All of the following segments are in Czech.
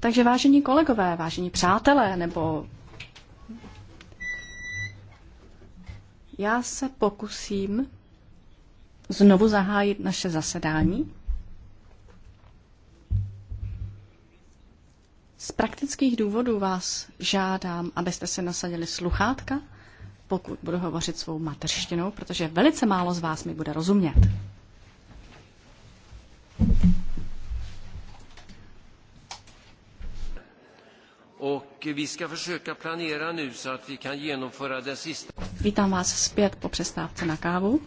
Takže vážení kolegové, vážení přátelé, nebo já se pokusím znovu zahájit naše zasedání. Z praktických důvodů vás žádám, abyste se nasadili sluchátka, pokud budu hovořit svou mateřštinou, protože velice málo z vás mi bude rozumět. Vítám vás zpět po přestávce na kávu.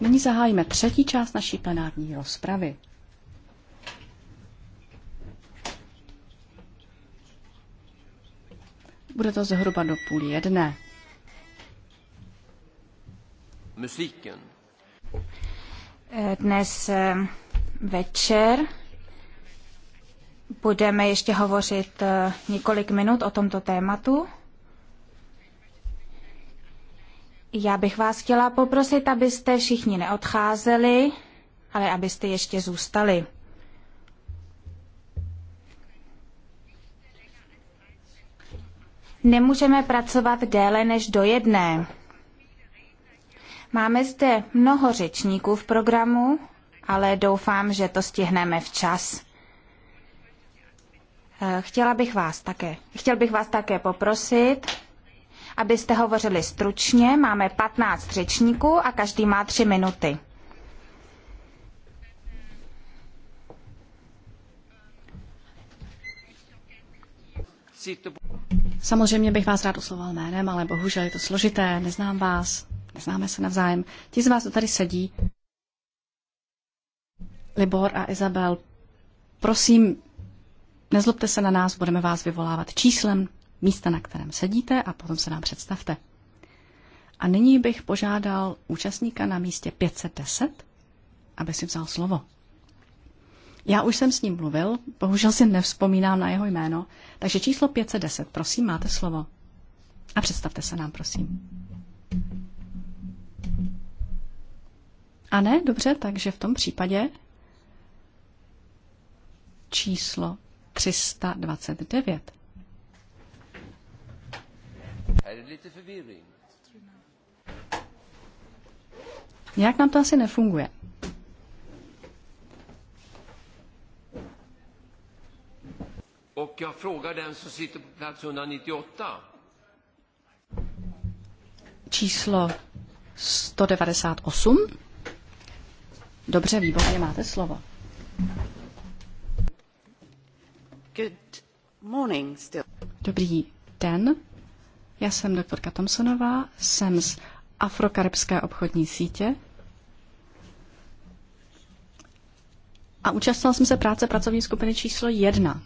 Nyní zahájíme třetí část naší plenární rozpravy. Bude to zhruba do půl jedné. Musiken. Dnes eh, večer. Budeme ještě hovořit eh, několik minut o tomto tématu. Já bych vás chtěla poprosit, abyste všichni neodcházeli, ale abyste ještě zůstali. Nemůžeme pracovat déle než do jedné. Máme zde mnoho řečníků v programu ale doufám, že to stihneme včas. Eh, chtěla bych vás také, chtěl bych vás také poprosit, abyste hovořili stručně. Máme 15 řečníků a každý má 3 minuty. Samozřejmě bych vás rád oslovoval jménem, ale bohužel je to složité, neznám vás, neznáme se navzájem. Ti z vás, co tady sedí, Libor a Izabel, prosím, nezlobte se na nás, budeme vás vyvolávat číslem místa, na kterém sedíte a potom se nám představte. A nyní bych požádal účastníka na místě 510, aby si vzal slovo. Já už jsem s ním mluvil, bohužel si nevzpomínám na jeho jméno, takže číslo 510, prosím, máte slovo. A představte se nám, prosím. A ne, dobře, takže v tom případě číslo 329. Jak nám to asi nefunguje? Och jag frågar den som sitter på plats 198. Číslo 198. Dobře, výborně, máte slovo. Dobrý den. Já jsem doktorka Thompsonová, jsem z Afrokaribské obchodní sítě a účastnila jsem se práce pracovní skupiny číslo jedna.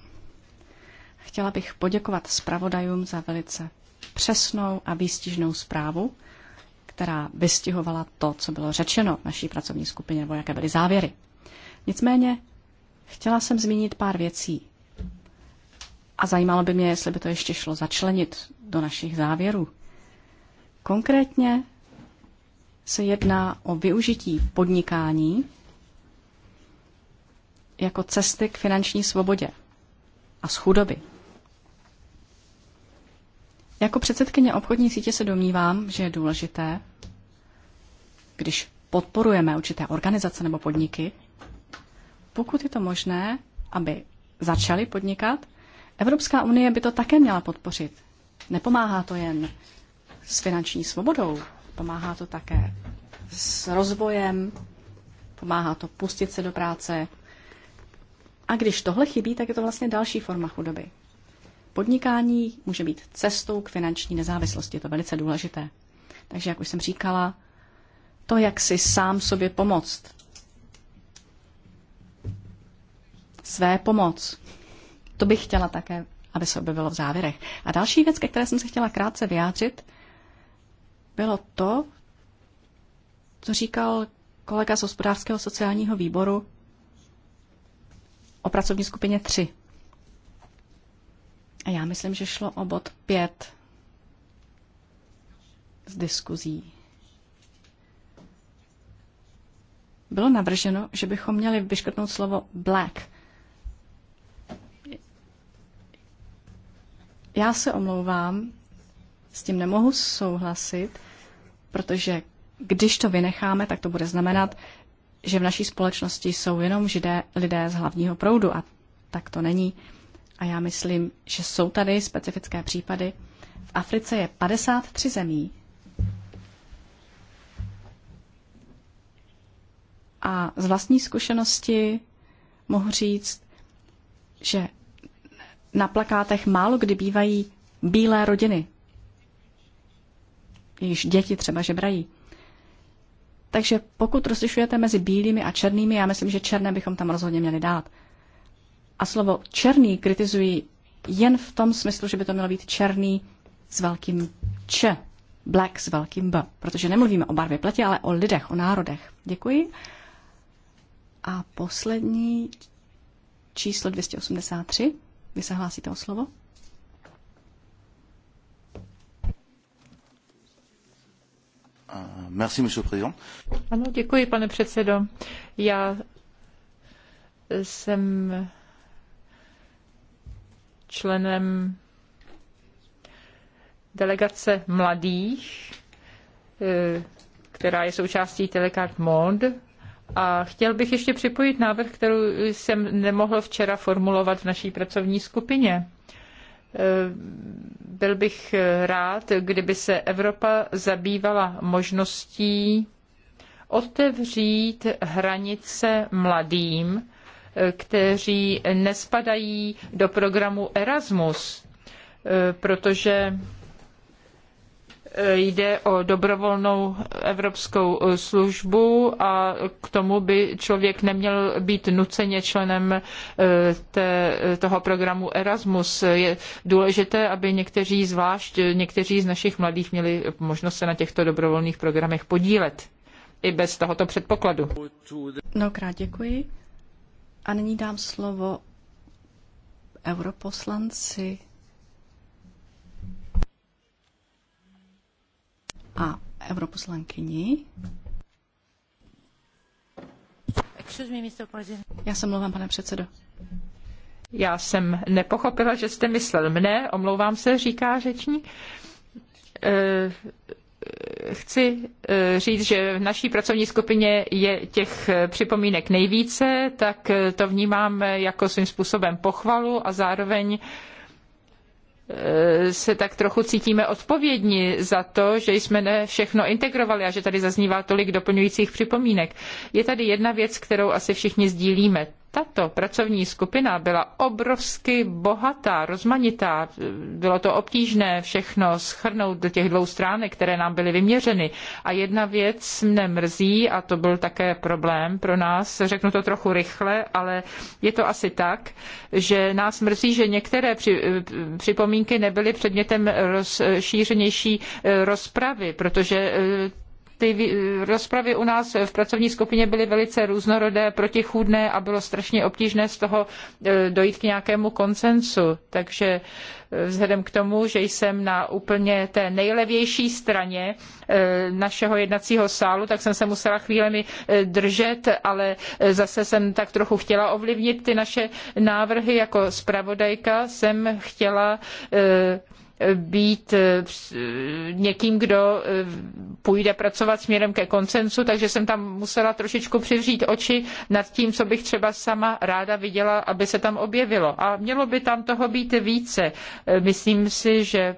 Chtěla bych poděkovat zpravodajům za velice přesnou a výstižnou zprávu, která vystihovala to, co bylo řečeno v naší pracovní skupině, nebo jaké byly závěry. Nicméně chtěla jsem zmínit pár věcí, a zajímalo by mě, jestli by to ještě šlo začlenit do našich závěrů. Konkrétně se jedná o využití podnikání jako cesty k finanční svobodě a z chudoby. Jako předsedkyně obchodní sítě se domnívám, že je důležité, když podporujeme určité organizace nebo podniky, pokud je to možné, aby začali podnikat Evropská unie by to také měla podpořit. Nepomáhá to jen s finanční svobodou, pomáhá to také s rozvojem, pomáhá to pustit se do práce. A když tohle chybí, tak je to vlastně další forma chudoby. Podnikání může být cestou k finanční nezávislosti, je to velice důležité. Takže, jak už jsem říkala, to, jak si sám sobě pomoct. Své pomoc. To bych chtěla také, aby se objevilo v závěrech. A další věc, ke které jsem se chtěla krátce vyjádřit, bylo to, co říkal kolega z hospodářského sociálního výboru o pracovní skupině 3. A já myslím, že šlo o bod 5 z diskuzí. Bylo navrženo, že bychom měli vyškrtnout slovo black, Já se omlouvám, s tím nemohu souhlasit, protože když to vynecháme, tak to bude znamenat, že v naší společnosti jsou jenom židé, lidé z hlavního proudu a tak to není. A já myslím, že jsou tady specifické případy. V Africe je 53 zemí. A z vlastní zkušenosti mohu říct, že na plakátech málo kdy bývají bílé rodiny. Již děti třeba žebrají. Takže pokud rozlišujete mezi bílými a černými, já myslím, že černé bychom tam rozhodně měli dát. A slovo černý kritizují jen v tom smyslu, že by to mělo být černý s velkým č, black s velkým b, protože nemluvíme o barvě pleti, ale o lidech, o národech. Děkuji. A poslední číslo 283. Vy se hlásíte o slovo? Uh, merci, monsieur président. Ano, děkuji, pane předsedo. Já jsem členem delegace mladých, eh, která je součástí Telecard Mond, a chtěl bych ještě připojit návrh, kterou jsem nemohl včera formulovat v naší pracovní skupině. E, byl bych rád, kdyby se Evropa zabývala možností otevřít hranice mladým, e, kteří nespadají do programu Erasmus, e, protože jde o dobrovolnou evropskou službu a k tomu by člověk neměl být nuceně členem eh, té, toho programu Erasmus. Je důležité, aby někteří zvlášť, někteří z našich mladých měli možnost se na těchto dobrovolných programech podílet i bez tohoto předpokladu. Mnohokrát děkuji. A nyní dám slovo europoslanci a europoslankyni. Já se mluvám, pane předsedo. Já jsem nepochopila, že jste myslel mne, omlouvám se, říká řečník. Eh, chci eh, říct, že v naší pracovní skupině je těch eh, připomínek nejvíce, tak to vnímám jako svým způsobem pochvalu a zároveň se tak trochu cítíme odpovědní za to, že jsme ne všechno integrovali a že tady zaznívá tolik doplňujících připomínek. Je tady jedna věc, kterou asi všichni sdílíme. Tato pracovní skupina byla obrovsky bohatá, rozmanitá. Bylo to obtížné všechno schrnout do těch dvou stránek, které nám byly vyměřeny. A jedna věc mne mrzí, a to byl také problém pro nás, řeknu to trochu rychle, ale je to asi tak, že nás mrzí, že některé připomínky nebyly předmětem rozšířenější eh, rozpravy, protože eh, ty eh, rozpravy u nás v pracovní skupině byly velice různorodé, protichůdné a bylo strašně obtížné z toho eh, dojít k nějakému konsensu. Takže eh, vzhledem k tomu, že jsem na úplně té nejlevější straně našeho jednacího sálu, tak jsem se musela chvílemi držet, ale zase jsem tak trochu chtěla ovlivnit ty naše návrhy jako zpravodajka. Jsem chtěla být eh, někým, kdo eh, půjde pracovat směrem ke koncensu, takže jsem tam musela trošičku přivřít oči nad tím, co bych třeba sama ráda viděla, aby se tam objevilo. A mělo by tam toho být více. Eh, myslím si, že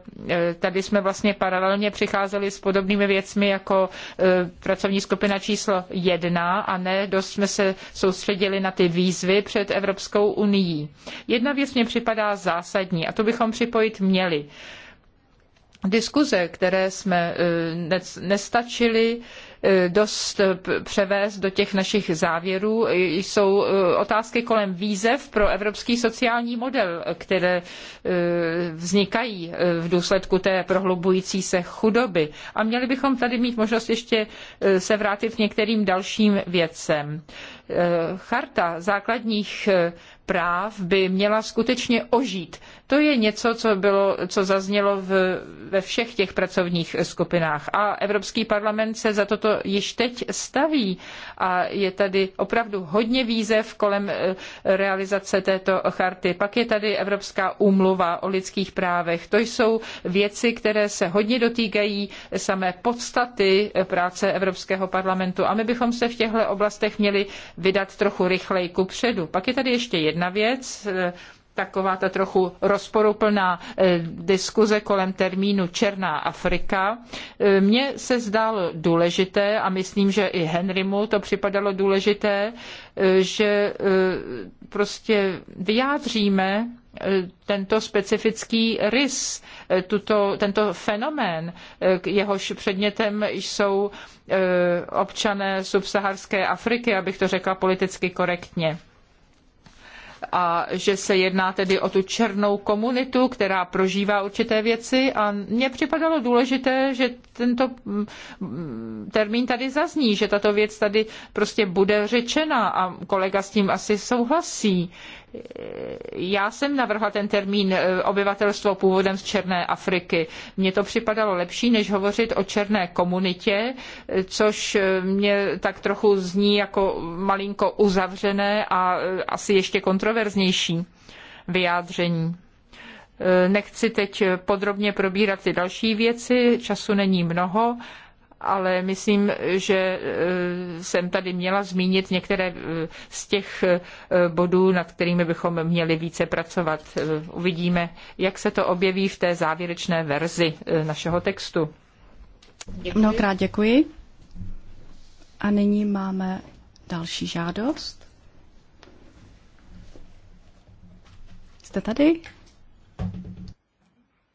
tady jsme vlastně paralelně přicházeli s podobnými věcmi jako pracovní skupina číslo jedna a ne dost jsme se soustředili na ty výzvy před Evropskou unii. Jedna věc mě připadá zásadní a to bychom připojit měli diskuze, které jsme eh, nestačili eh, dost eh, převést do těch našich závěrů, jsou otázky kolem výzev pro evropský sociální model, které vznikají v důsledku té prohlubující se chudoby. A měli bychom tady mít možnost ještě se vrátit k některým dalším věcem. Charta základních práv by měla skutečně ožít. To je něco, co, bylo, co zaznělo v, ve všech těch pracovních skupinách. A Evropský parlament se za toto již teď staví a je tady opravdu hodně výzev kolem eh, realizace této charty. Pak je tady Evropská úmluva o lidských právech. To jsou věci, které se hodně dotýkají samé podstaty eh, práce Evropského parlamentu a my bychom se v těchto oblastech měli vydat trochu rychleji ku předu. Pak je tady ještě jedna jedna věc, taková ta trochu rozporuplná eh, diskuze kolem termínu Černá Afrika. Eh, mně se zdálo důležité, a myslím, že i Henrymu to připadalo důležité, eh, že prostě vyjádříme tento specifický rys, tuto, tento fenomén, jehož předmětem jsou občané subsaharské Afriky, abych to řekla politicky korektně a že se jedná tedy o tu černou komunitu, která prožívá určité věci a mně připadalo důležité, že tento mm, mm, termín tady zazní, že tato věc tady prostě bude řečena a kolega s tím asi souhlasí já jsem navrhla ten termín eh, obyvatelstvo původem z Černé Afriky. Mně to připadalo lepší, než hovořit o černé komunitě, eh, což eh, mě tak trochu zní jako malinko uzavřené a asi ještě kontroverznější vyjádření. Nechci teď podrobně probírat ty další věci, času není mnoho, ale myslím, že eh, jsem tady měla zmínit některé eh, z těch eh, bodů, nad kterými bychom měli více pracovat. Uvidíme, jak se to objeví v té závěrečné verzi našeho textu. Děkuji. Mnohokrát děkuji. A nyní máme další žádost. Jste tady?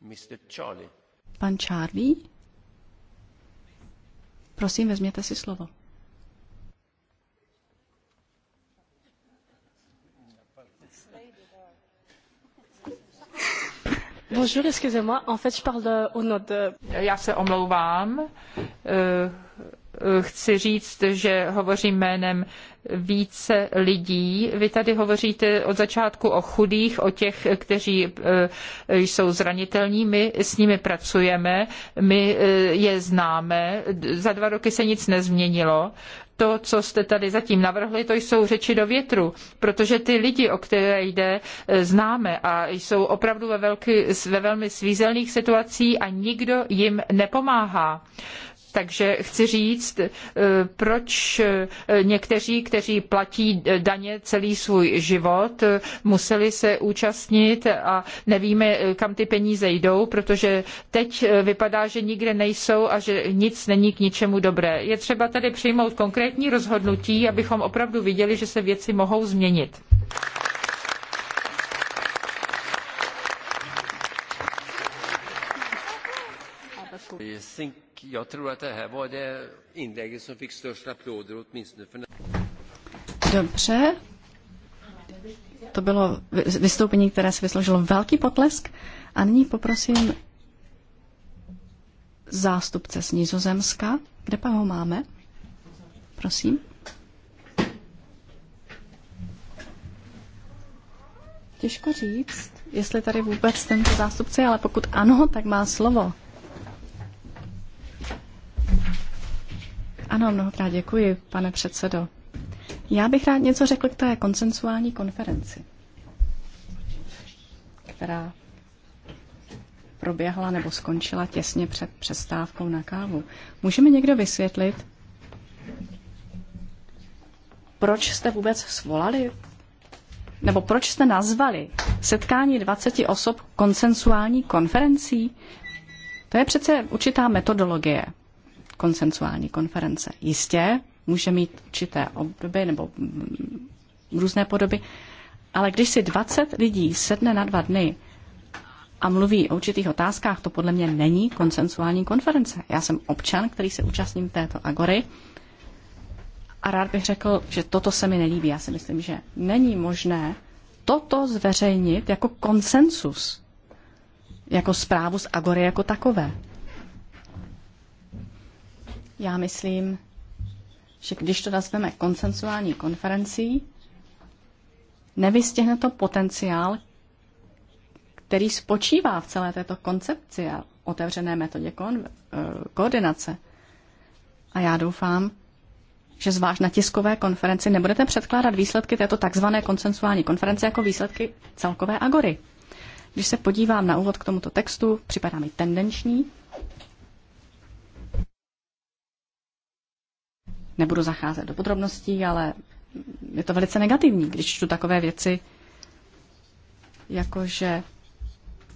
Mr. Charlie. Pan Charlie. Prosím, vezměte si slovo. Bonjour, excusez-moi. En fait, je parle au nom de... Já se omlouvám. Uh Eh, chci říct, že hovořím jménem více lidí. Vy tady hovoříte od začátku o chudých, o těch, kteří eh, jsou zranitelní. My s nimi pracujeme, my eh, je známe. Za dva roky se nic nezměnilo. To, co jste tady zatím navrhli, to jsou řeči do větru, protože ty lidi, o které jde, známe a jsou opravdu ve, velky, ve velmi svízelných situacích a nikdo jim nepomáhá. Takže chci říct, eh, proč eh, někteří, kteří platí daně celý svůj život, eh, museli se účastnit a nevíme, kam ty peníze jdou, protože teď vypadá, že nikde nejsou a že nic není k ničemu dobré. Je třeba tady přijmout konkrétní rozhodnutí, abychom opravdu viděli, že se věci mohou změnit. Think jag tror att det här var det inlägget som fick störst applåder åtminstone för... Dobře. To bylo vystoupení, které si vysloužilo velký potlesk. A nyní poprosím zástupce z Nizozemska. Kde pak ho máme? Prosím. Těžko říct, jestli tady vůbec tento zástupce, ale pokud ano, tak má slovo. Ano, mnohokrát děkuji, pane předsedo. Já bych rád něco řekl k té konsensuální konferenci, která proběhla nebo skončila těsně před přestávkou na kávu. Může mi někdo vysvětlit, proč jste vůbec svolali, nebo proč jste nazvali setkání 20 osob konsensuální konferencí? To je přece určitá metodologie konsensuální konference. Jistě může mít určité obdoby nebo různé podoby, ale když si 20 lidí sedne na dva dny a mluví o určitých otázkách, to podle mě není konsensuální konference. Já jsem občan, který se účastním této agory a rád bych řekl, že toto se mi nelíbí. Já si myslím, že není možné toto zveřejnit jako konsensus, jako zprávu z agory jako takové. Já myslím, že když to nazveme koncensuální konferencí, nevystěhne to potenciál, který spočívá v celé této koncepci a otevřené metodě kon- eh, koordinace. A já doufám, že zvlášť na tiskové konferenci nebudete předkládat výsledky této takzvané koncensuální konference jako výsledky celkové agory. Když se podívám na úvod k tomuto textu, připadá mi tendenční Nebudu zacházet do podrobností, ale je to velice negativní, když čtu takové věci, jakože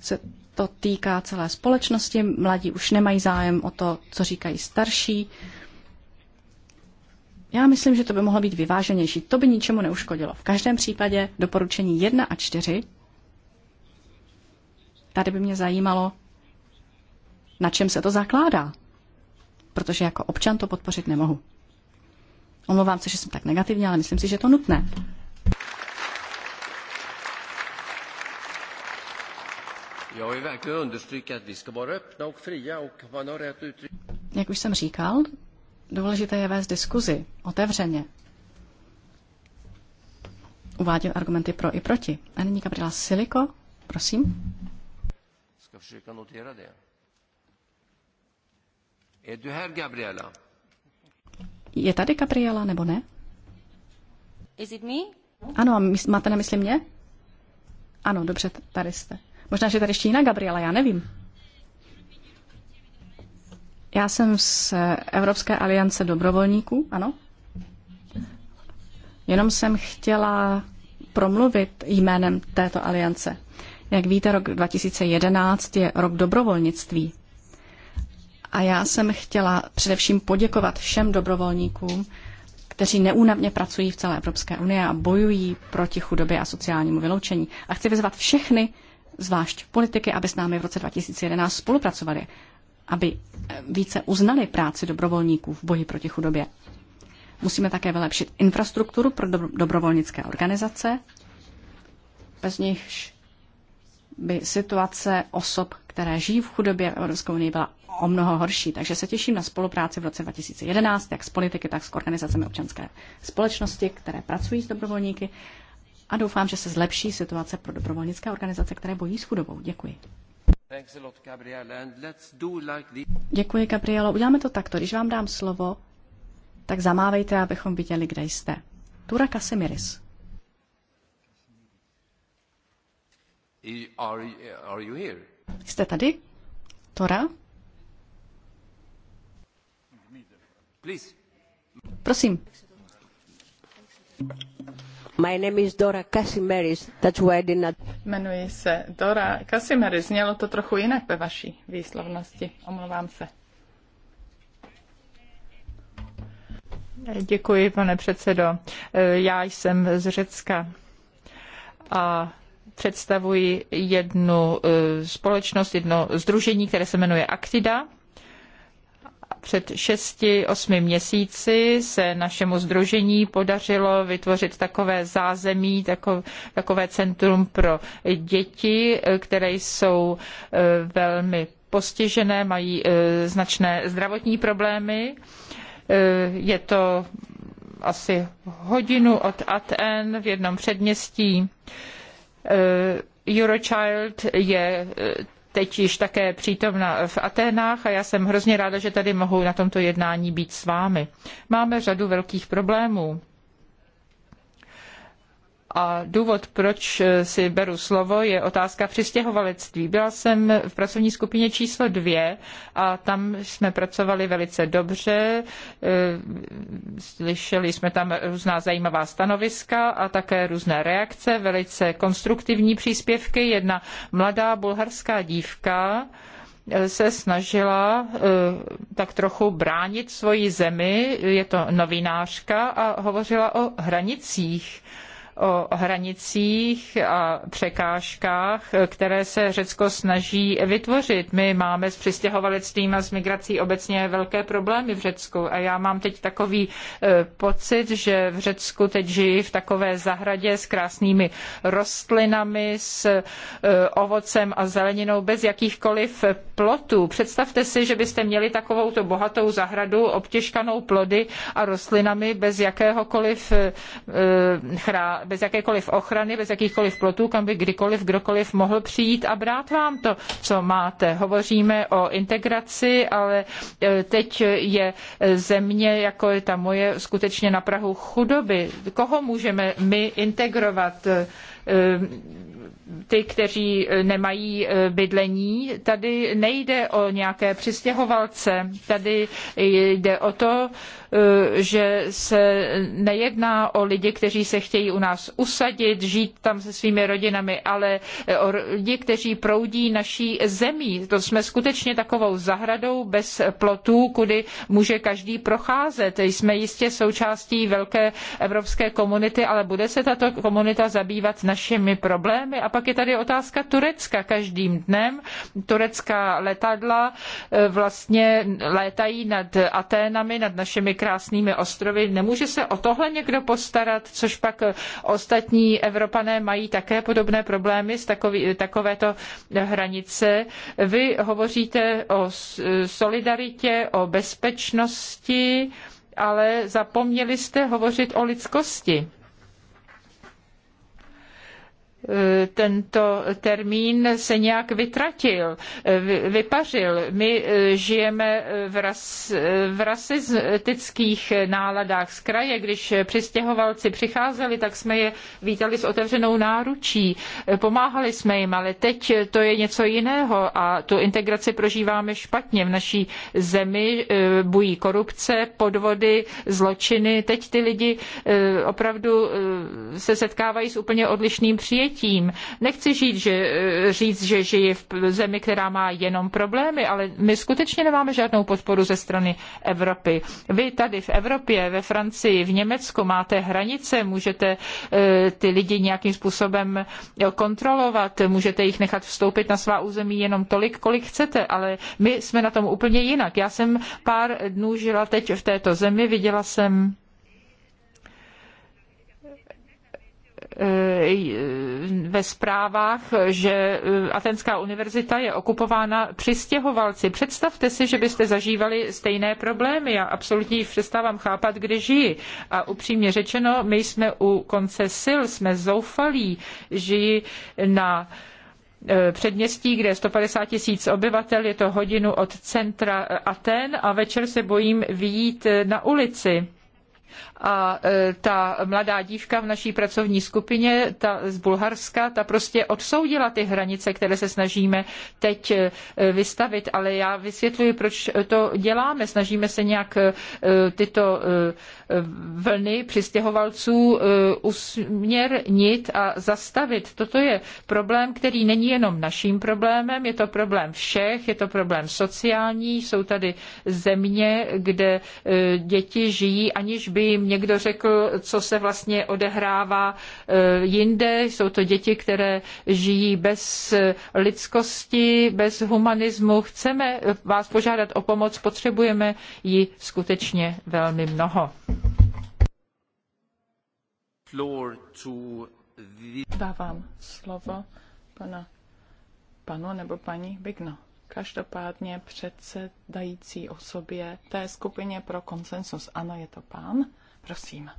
se to týká celé společnosti, mladí už nemají zájem o to, co říkají starší. Já myslím, že to by mohlo být vyváženější. To by ničemu neuškodilo. V každém případě doporučení 1 a 4. Tady by mě zajímalo, na čem se to zakládá. Protože jako občan to podpořit nemohu. Omlouvám se, že jsem tak negativní, ale myslím si, že je to nutné. Jak už jsem říkal, důležité je vést diskuzi otevřeně. Uvádět argumenty pro i proti. A nyní Gabriela Siliko, prosím. Är du här, Gabriela? Je tady Gabriela, nebo ne? Is it me? Ano, máte na mysli mě? Ano, dobře, tady jste. Možná, že tady ještě jiná Gabriela, já nevím. Já jsem z Evropské aliance dobrovolníků, ano. Jenom jsem chtěla promluvit jménem této aliance. Jak víte, rok 2011 je rok dobrovolnictví. A já jsem chtěla především poděkovat všem dobrovolníkům, kteří neúnavně pracují v celé Evropské unii a bojují proti chudobě a sociálnímu vyloučení. A chci vyzvat všechny, zvlášť politiky, aby s námi v roce 2011 spolupracovali, aby eh, více uznali práci dobrovolníků v boji proti chudobě. Musíme také vylepšit infrastrukturu pro dobrovolnické organizace, bez nichž by situace osob, které žijí v chudobě v Evropské unii, byla o mnoho horší. Takže se těším na spolupráci v roce 2011, jak s politiky, tak s organizacemi občanské společnosti, které pracují s dobrovolníky. A doufám, že se zlepší situace pro dobrovolnické organizace, které bojí s chudobou. Děkuji. Děkuji, Gabrielo. Uděláme to takto. Když vám dám slovo, tak zamávejte, abychom viděli, kde jste. Tura Kasimiris. Jste tady? Tora? Prosím. My name is Dora That's why I did not... Jmenuji se Dora Kasimeris. Znělo to trochu jinak ve vaší výslovnosti. Omlouvám se. Děkuji, pane předsedo. Já jsem z Řecka a představuji jednu eh, společnost, jedno združení, které se jmenuje Aktida před 6-8 měsíci se našemu združení podařilo vytvořit takové zázemí, takové centrum pro děti, které jsou e, velmi postižené, mají e, značné zdravotní problémy. E, je to asi hodinu od Aten v jednom předměstí. Eurochild je teď již také přítomna v Aténách a já jsem hrozně ráda, že tady mohu na tomto jednání být s vámi. Máme řadu velkých problémů a důvod, proč eh, si beru slovo, je otázka přistěhovalectví. Byla jsem v pracovní skupině číslo dvě a tam jsme pracovali velice dobře. Eh, slyšeli jsme tam různá zajímavá stanoviska a také různé reakce, velice konstruktivní příspěvky. Jedna mladá bulharská dívka, eh, se snažila tak trochu bránit svoji zemi, je to novinářka a hovořila o hranicích o hranicích a překážkách, které se Řecko snaží vytvořit. My máme s přistěhovalectvím a s migrací obecně velké problémy v Řecku a já mám teď takový e, pocit, že v Řecku teď žiji v takové zahradě s krásnými rostlinami, s e, ovocem a zeleninou bez jakýchkoliv plotů. Představte si, že byste měli takovouto bohatou zahradu obtěžkanou plody a rostlinami bez jakéhokoliv e, chrá bez jakékoliv ochrany, bez jakýchkoliv plotů, kam by kdykoliv, kdokoliv mohl přijít a brát vám to, co máte. Hovoříme o integraci, ale e, teď je e, země, jako je ta moje, skutečně na Prahu chudoby. Koho můžeme my integrovat? E, ty, kteří eh, nemají eh, bydlení. Tady nejde o nějaké přistěhovalce, tady jde o to, eh, že se nejedná o lidi, kteří se chtějí u nás usadit, žít tam se svými rodinami, ale o lidi, kteří proudí naší zemí. To jsme skutečně takovou zahradou bez plotů, kudy může každý procházet. Jsme jistě součástí velké evropské komunity, ale bude se tato komunita zabývat našimi problémy a pak pak je tady otázka Turecka. Každým dnem turecká letadla e, vlastně létají nad Aténami, nad našimi krásnými ostrovy. Nemůže se o tohle někdo postarat, což pak e, ostatní Evropané mají také podobné problémy s takový, e, takovéto hranice. Vy hovoříte o solidaritě, o bezpečnosti, ale zapomněli jste hovořit o lidskosti. Eh, tento termín se nějak vytratil, eh, vypařil. My eh, žijeme v, ras, v rasistických náladách z kraje. Když přistěhovalci přicházeli, tak jsme je vítali s otevřenou náručí. Pomáhali jsme jim, ale teď to je něco jiného a tu integraci prožíváme špatně. V naší zemi bují korupce, podvody, zločiny. Teď ty lidi opravdu se setkávají s úplně odlišným přijetím tím Nechci žít, že, eh, říct, že žiji v zemi, která má jenom problémy, ale my skutečně nemáme žádnou podporu ze strany Evropy. Vy tady v Evropě, ve Francii, v Německu máte hranice, můžete eh, ty lidi nějakým způsobem eh, kontrolovat, můžete jich nechat vstoupit na svá území jenom tolik, kolik chcete, ale my jsme na tom úplně jinak. Já jsem pár dnů žila teď v této zemi, viděla jsem Eh, ve zprávách, že eh, Atenská univerzita je okupována přistěhovalci. Představte si, že byste zažívali stejné problémy. Já absolutně jich přestávám chápat, kde žijí. A upřímně řečeno, my jsme u konce sil, jsme zoufalí, žijí na eh, předměstí, kde je 150 tisíc obyvatel, je to hodinu od centra Aten a večer se bojím vyjít na ulici a e, ta mladá dívka v naší pracovní skupině, ta z Bulharska, ta prostě odsoudila ty hranice, které se snažíme teď e, vystavit, ale já vysvětluji, proč to děláme. Snažíme se nějak e, tyto vlny přistěhovalců eh, usměrnit a zastavit. Toto je problém, který není jenom naším problémem, je to problém všech, je to problém sociální, jsou tady země, kde eh, děti žijí, aniž by jim někdo řekl, co se vlastně odehrává eh, jinde. Jsou to děti, které žijí bez lidskosti, bez humanismu. Chceme vás požádat o pomoc, potřebujeme ji skutečně velmi mnoho. Dávám slovo pana, panu nebo paní Bigno. Každopádně předsedající osobě té skupině pro konsensus. Ano, je to pán. Prosím.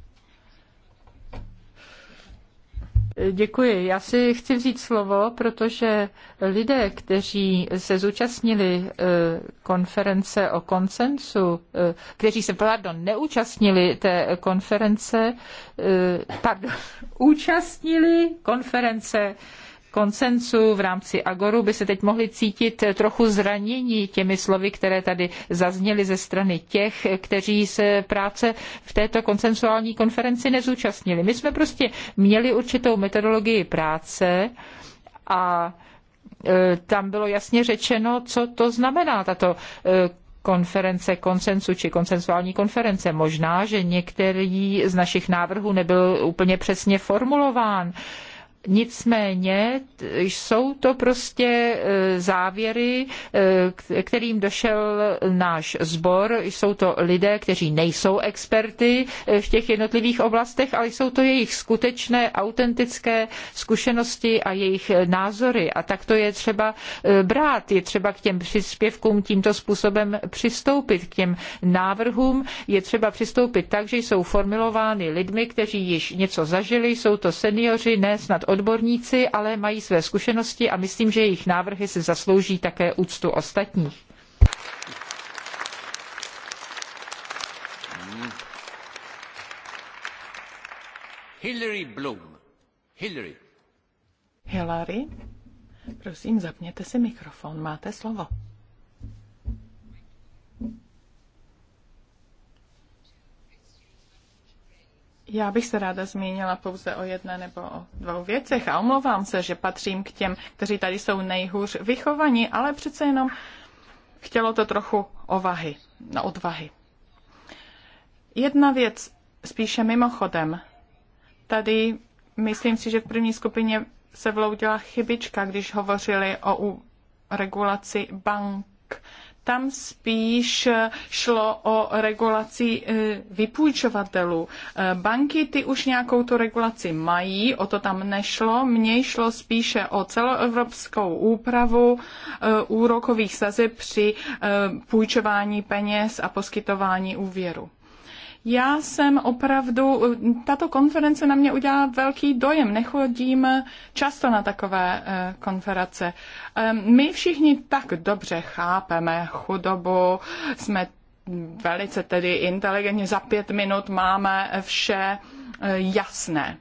Děkuji. Já si chci vzít slovo, protože lidé, kteří se zúčastnili eh, konference o konsensu, eh, kteří se, pardon, neúčastnili té konference, eh, pardon, účastnili konference konsensu v rámci Agoru by se teď mohli cítit trochu zranění těmi slovy, které tady zazněly ze strany těch, kteří se práce v této konsensuální konferenci nezúčastnili. My jsme prostě měli určitou metodologii práce a e, tam bylo jasně řečeno, co to znamená tato e, konference konsensu či konsensuální konference. Možná, že některý z našich návrhů nebyl úplně přesně formulován. Nicméně jsou to prostě e, závěry, e, kterým došel náš sbor. Jsou to lidé, kteří nejsou experty e, v těch jednotlivých oblastech, ale jsou to jejich skutečné, autentické zkušenosti a jejich názory. A tak to je třeba brát. Je třeba k těm příspěvkům tímto způsobem přistoupit. K těm návrhům je třeba přistoupit tak, že jsou formulovány lidmi, kteří již něco zažili. Jsou to seniori, ne snad odborníci, ale mají své zkušenosti a myslím, že jejich návrhy si zaslouží také úctu ostatních. Hillary Bloom. Hillary. Hillary, prosím, zapněte si mikrofon, máte slovo. Já bych se ráda zmínila pouze o jedné nebo o dvou věcech a omlouvám se, že patřím k těm, kteří tady jsou nejhůř vychovaní, ale přece jenom chtělo to trochu ovahy, na no, odvahy. Jedna věc spíše mimochodem. Tady myslím si, že v první skupině se vloudila chybička, když hovořili o regulaci bank. Tam spíš eh, šlo o regulaci eh, vypůjčovatelů. Eh, banky ty už nějakou tu regulaci mají, o to tam nešlo. Mně šlo spíše o celoevropskou úpravu úrokových sazeb při půjčování peněz a poskytování úvěru. Já jsem opravdu, tato konference na mě udělá velký dojem. Nechodím často na takové eh, konference. Ehm, my všichni tak dobře chápeme chudobu, jsme velice tedy inteligentně, za pět minut máme vše eh, jasné.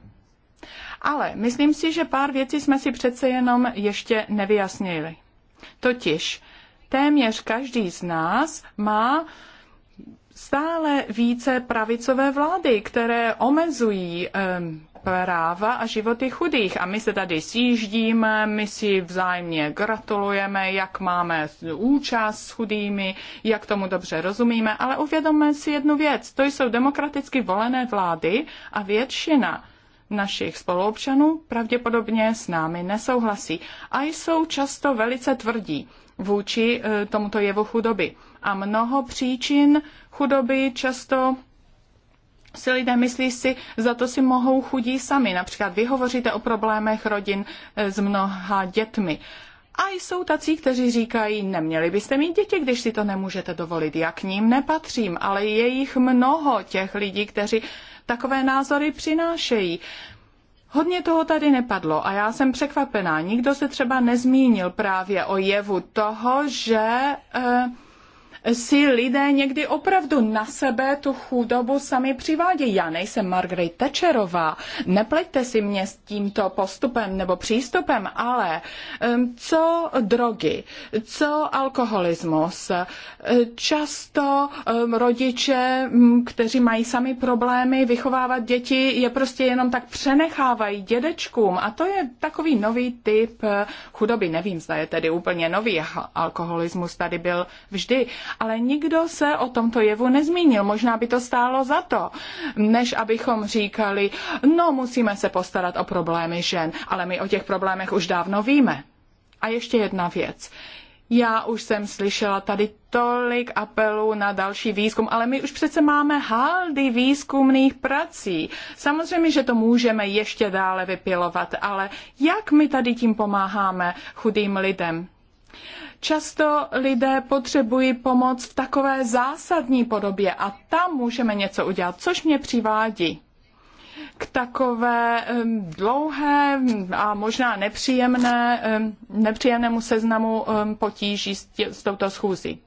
Ale myslím si, že pár věcí jsme si přece jenom ještě nevyjasnili. Totiž téměř každý z nás má stále více pravicové vlády, které omezují práva a životy chudých. A my se tady sjíždíme, my si vzájemně gratulujeme, jak máme účast s chudými, jak tomu dobře rozumíme, ale uvědomme si jednu věc. To jsou demokraticky volené vlády a většina našich spoluobčanů pravděpodobně s námi nesouhlasí a jsou často velice tvrdí vůči eh, tomuto jevu chudoby a mnoho příčin chudoby často si lidé myslí si, za to si mohou chudí sami. Například vy hovoříte o problémech rodin eh, s mnoha dětmi. A jsou tací, kteří říkají, neměli byste mít děti, když si to nemůžete dovolit. Já k ním nepatřím, ale je jich mnoho těch lidí, kteří takové názory přinášejí. Hodně toho tady nepadlo a já jsem překvapená. Nikdo se třeba nezmínil právě o jevu toho, že eh, si lidé někdy opravdu na sebe tu chudobu sami přivádějí. Já nejsem Margaret Thatcherová, nepleťte si mě s tímto postupem nebo přístupem, ale co drogy, co alkoholismus, e, často rodiče, kteří mají sami problémy vychovávat děti, je prostě jenom tak přenechávají dědečkům a to je takový nový typ e, chudoby. Nevím, zda je tedy úplně nový alkoholismus, tady byl vždy, ale nikdo se o tomto jevu nezmínil. Možná by to stálo za to, než abychom říkali, no musíme se postarat o problémy žen, ale my o těch problémech už dávno víme. A ještě jedna věc. Já už jsem slyšela tady tolik apelů na další výzkum, ale my už přece máme haldy výzkumných prací. Samozřejmě, že to můžeme ještě dále vypilovat, ale jak my tady tím pomáháme chudým lidem? Často lidé potřebují pomoc v takové zásadní podobě a tam můžeme něco udělat, což mě přivádí k takové dlouhé a možná nepříjemné, nepříjemnému seznamu potíží s, touto schůzí.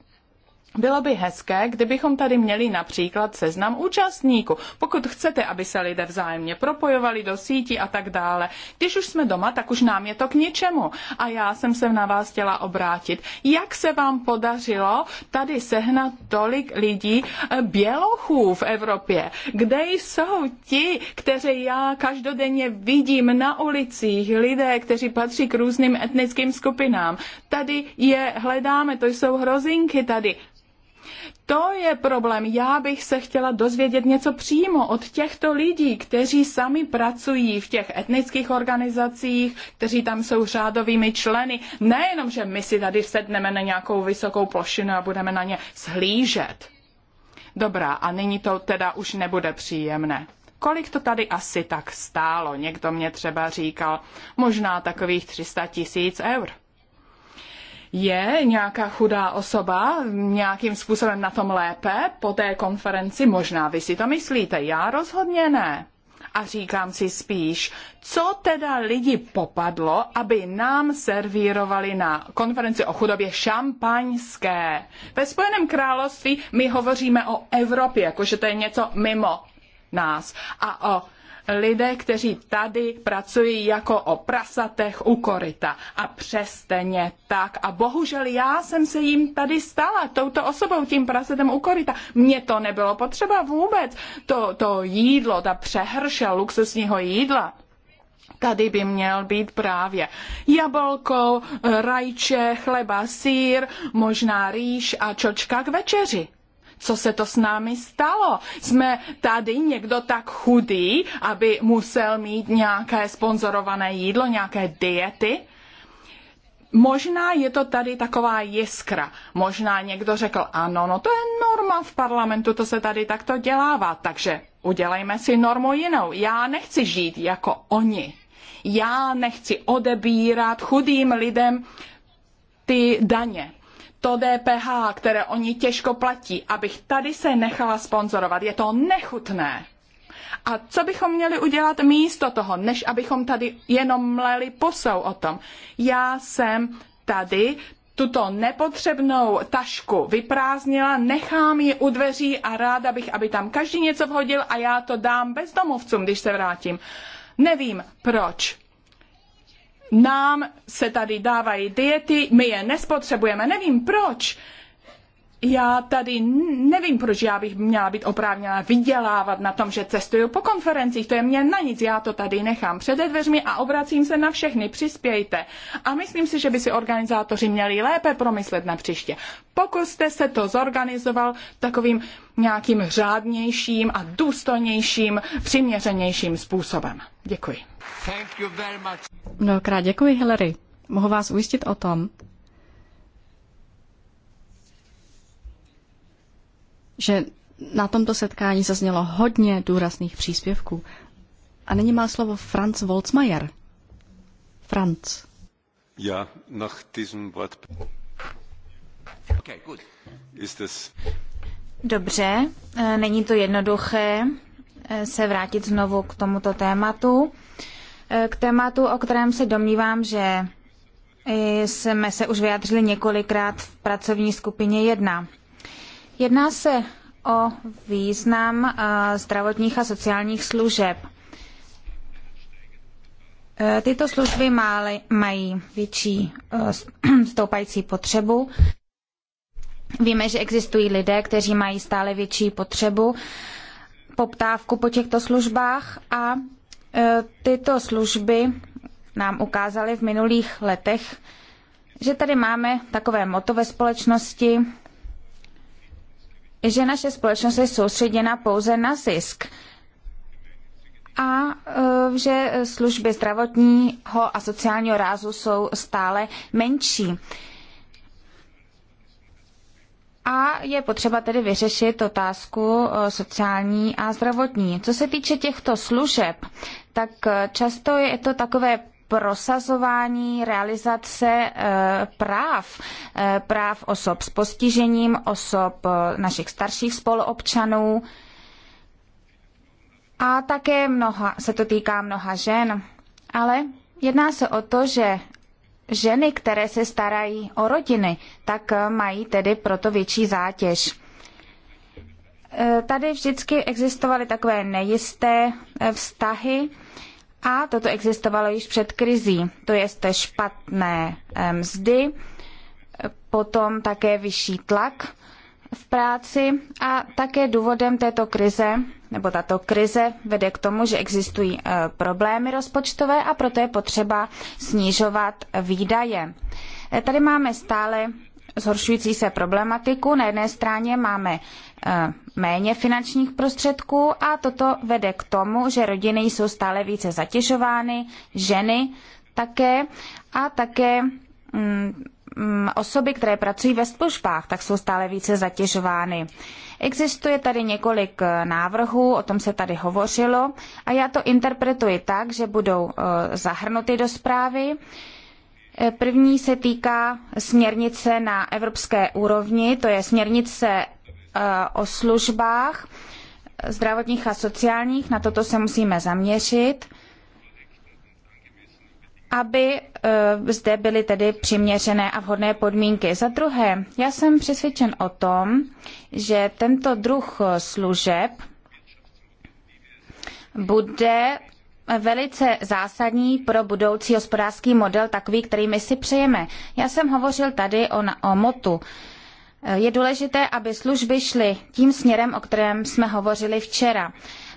Bylo by hezké, kdybychom tady měli například seznam účastníků. Pokud chcete, aby se lidé vzájemně propojovali do sítí a tak dále. Když už jsme doma, tak už nám je to k ničemu. A já jsem se na vás chtěla obrátit. Jak se vám podařilo tady sehnat tolik lidí eh, bělochů v Evropě? Kde jsou ti, kteří já každodenně vidím na ulicích, lidé, kteří patří k různým etnickým skupinám? Tady je hledáme, to jsou hrozinky tady to je problém. Já bych se chtěla dozvědět něco přímo od těchto lidí, kteří sami pracují v těch etnických organizacích, kteří tam jsou řádovými členy. Nejenom, že my si tady sedneme na nějakou vysokou plošinu a budeme na ně shlížet. Dobrá, a nyní to teda už nebude příjemné. Kolik to tady asi tak stálo? Někdo mě třeba říkal, možná takových 300 tisíc eur je nějaká chudá osoba nějakým způsobem na tom lépe po té konferenci? Možná vy si to myslíte, já rozhodně ne. A říkám si spíš, co teda lidi popadlo, aby nám servírovali na konferenci o chudobě šampaňské. Ve Spojeném království my hovoříme o Evropě, jakože to je něco mimo nás. A o lidé, kteří tady pracují jako o prasatech u koryta. A přesně tak. A bohužel já jsem se jim tady stala, touto osobou, tím prasetem u koryta. Mně to nebylo potřeba vůbec. To, to jídlo, ta přehrše luxusního jídla, tady by měl být právě jablko, rajče, chleba, sýr, možná rýž a čočka k večeři co se to s námi stalo. Jsme tady někdo tak chudý, aby musel mít nějaké sponzorované jídlo, nějaké diety? Možná je to tady taková jiskra. Možná někdo řekl, ano, no to je norma v parlamentu, to se tady takto dělává, takže udělejme si normu jinou. Já nechci žít jako oni. Já nechci odebírat chudým lidem ty daně to DPH, které oni těžko platí, abych tady se nechala sponzorovat. Je to nechutné. A co bychom měli udělat místo toho, než abychom tady jenom mleli posou o tom? Já jsem tady tuto nepotřebnou tašku vyprázdnila, nechám ji u dveří a ráda bych, aby tam každý něco vhodil a já to dám bezdomovcům, když se vrátím. Nevím proč nám se tady dávají diety, my je nespotřebujeme. Nevím proč. Já tady nevím, proč já bych měla být oprávněna vydělávat na tom, že cestuju po konferencích. To je mě na nic, já to tady nechám před dveřmi a obracím se na všechny, přispějte. A myslím si, že by si organizátoři měli lépe promyslet na příště. Pokud jste se to zorganizoval takovým nějakým řádnějším a důstojnějším, přiměřenějším způsobem. Děkuji. Thank you very much. Mnohokrát děkuji, Hillary. Mohu vás ujistit o tom, že na tomto setkání zaznělo hodně důrazných příspěvků. A nyní má slovo Franz Volzmajer. Franz. Ja, nach diesem Wort... okay, gut. Ist es... Dobře, eh, není to jednoduché eh, se vrátit znovu k tomuto tématu k tématu, o kterém se domnívám, že jsme se už vyjádřili několikrát v pracovní skupině 1. Jedná se o význam eh, zdravotních a sociálních služeb. Eh, tyto služby mají větší eh, stoupající potřebu. Víme, že existují lidé, kteří mají stále větší potřebu, poptávku po těchto službách a E, tyto služby nám ukázaly v minulých letech, že tady máme takové moto ve společnosti, že naše společnost je soustředěna pouze na zisk a e, že služby zdravotního a sociálního rázu jsou stále menší. A je potřeba tedy vyřešit otázku eh, sociální a zdravotní. Co se týče těchto služeb, tak eh, často je to takové prosazování realizace eh, práv, práv osob s postižením, osob našich starších spoluobčanů a také mnoha, se to týká mnoha žen. Ale jedná se o to, že ženy, které se starají o rodiny, tak eh, mají tedy proto větší zátěž. Eh, tady vždycky existovaly takové nejisté eh, vztahy a toto existovalo již před krizí. To je špatné mzdy, potom také vyšší tlak v práci a také důvodem této krize, nebo tato krize vede k tomu, že existují e, problémy rozpočtové a proto je potřeba snižovat výdaje. E, tady máme stále zhoršující se problematiku. Na jedné straně máme e, méně finančních prostředků a toto vede k tomu, že rodiny jsou stále více zatěžovány, ženy také a také mm, Mm, osoby, které pracují ve službách, tak jsou stále více zatěžovány. Existuje tady několik eh, návrhů, o tom se tady hovořilo, a já to interpretuji tak, že budou eh, zahrnuty do zprávy. Eh, první se týká směrnice na evropské úrovni, to je směrnice o službách zdravotních a sociálních, na toto se musíme zaměřit aby e, zde byly tedy přiměřené a vhodné podmínky. Za druhé, já jsem přesvědčen o tom, že tento druh služeb bude velice zásadní pro budoucí hospodářský model, takový, který my si přejeme. Já jsem hovořil tady o, na, o motu. E, je důležité, aby služby šly tím směrem, o kterém jsme hovořili včera. Uh,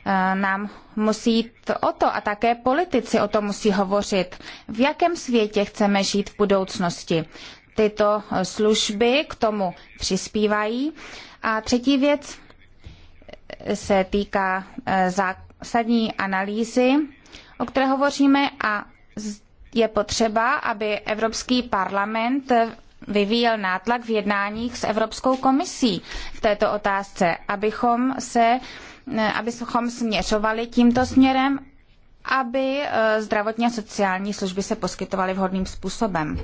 Eh, nám musí jít o to a také politici o to musí hovořit. V jakém světě chceme žít v budoucnosti? Tyto služby k tomu přispívají. A třetí věc se týká eh, zásadní analýzy, o které hovoříme a je potřeba, aby Evropský parlament vyvíjel nátlak v jednáních s Evropskou komisí v této otázce, abychom se uh, abychom směřovali tímto směrem, aby e, zdravotní a sociální služby se poskytovaly vhodným způsobem.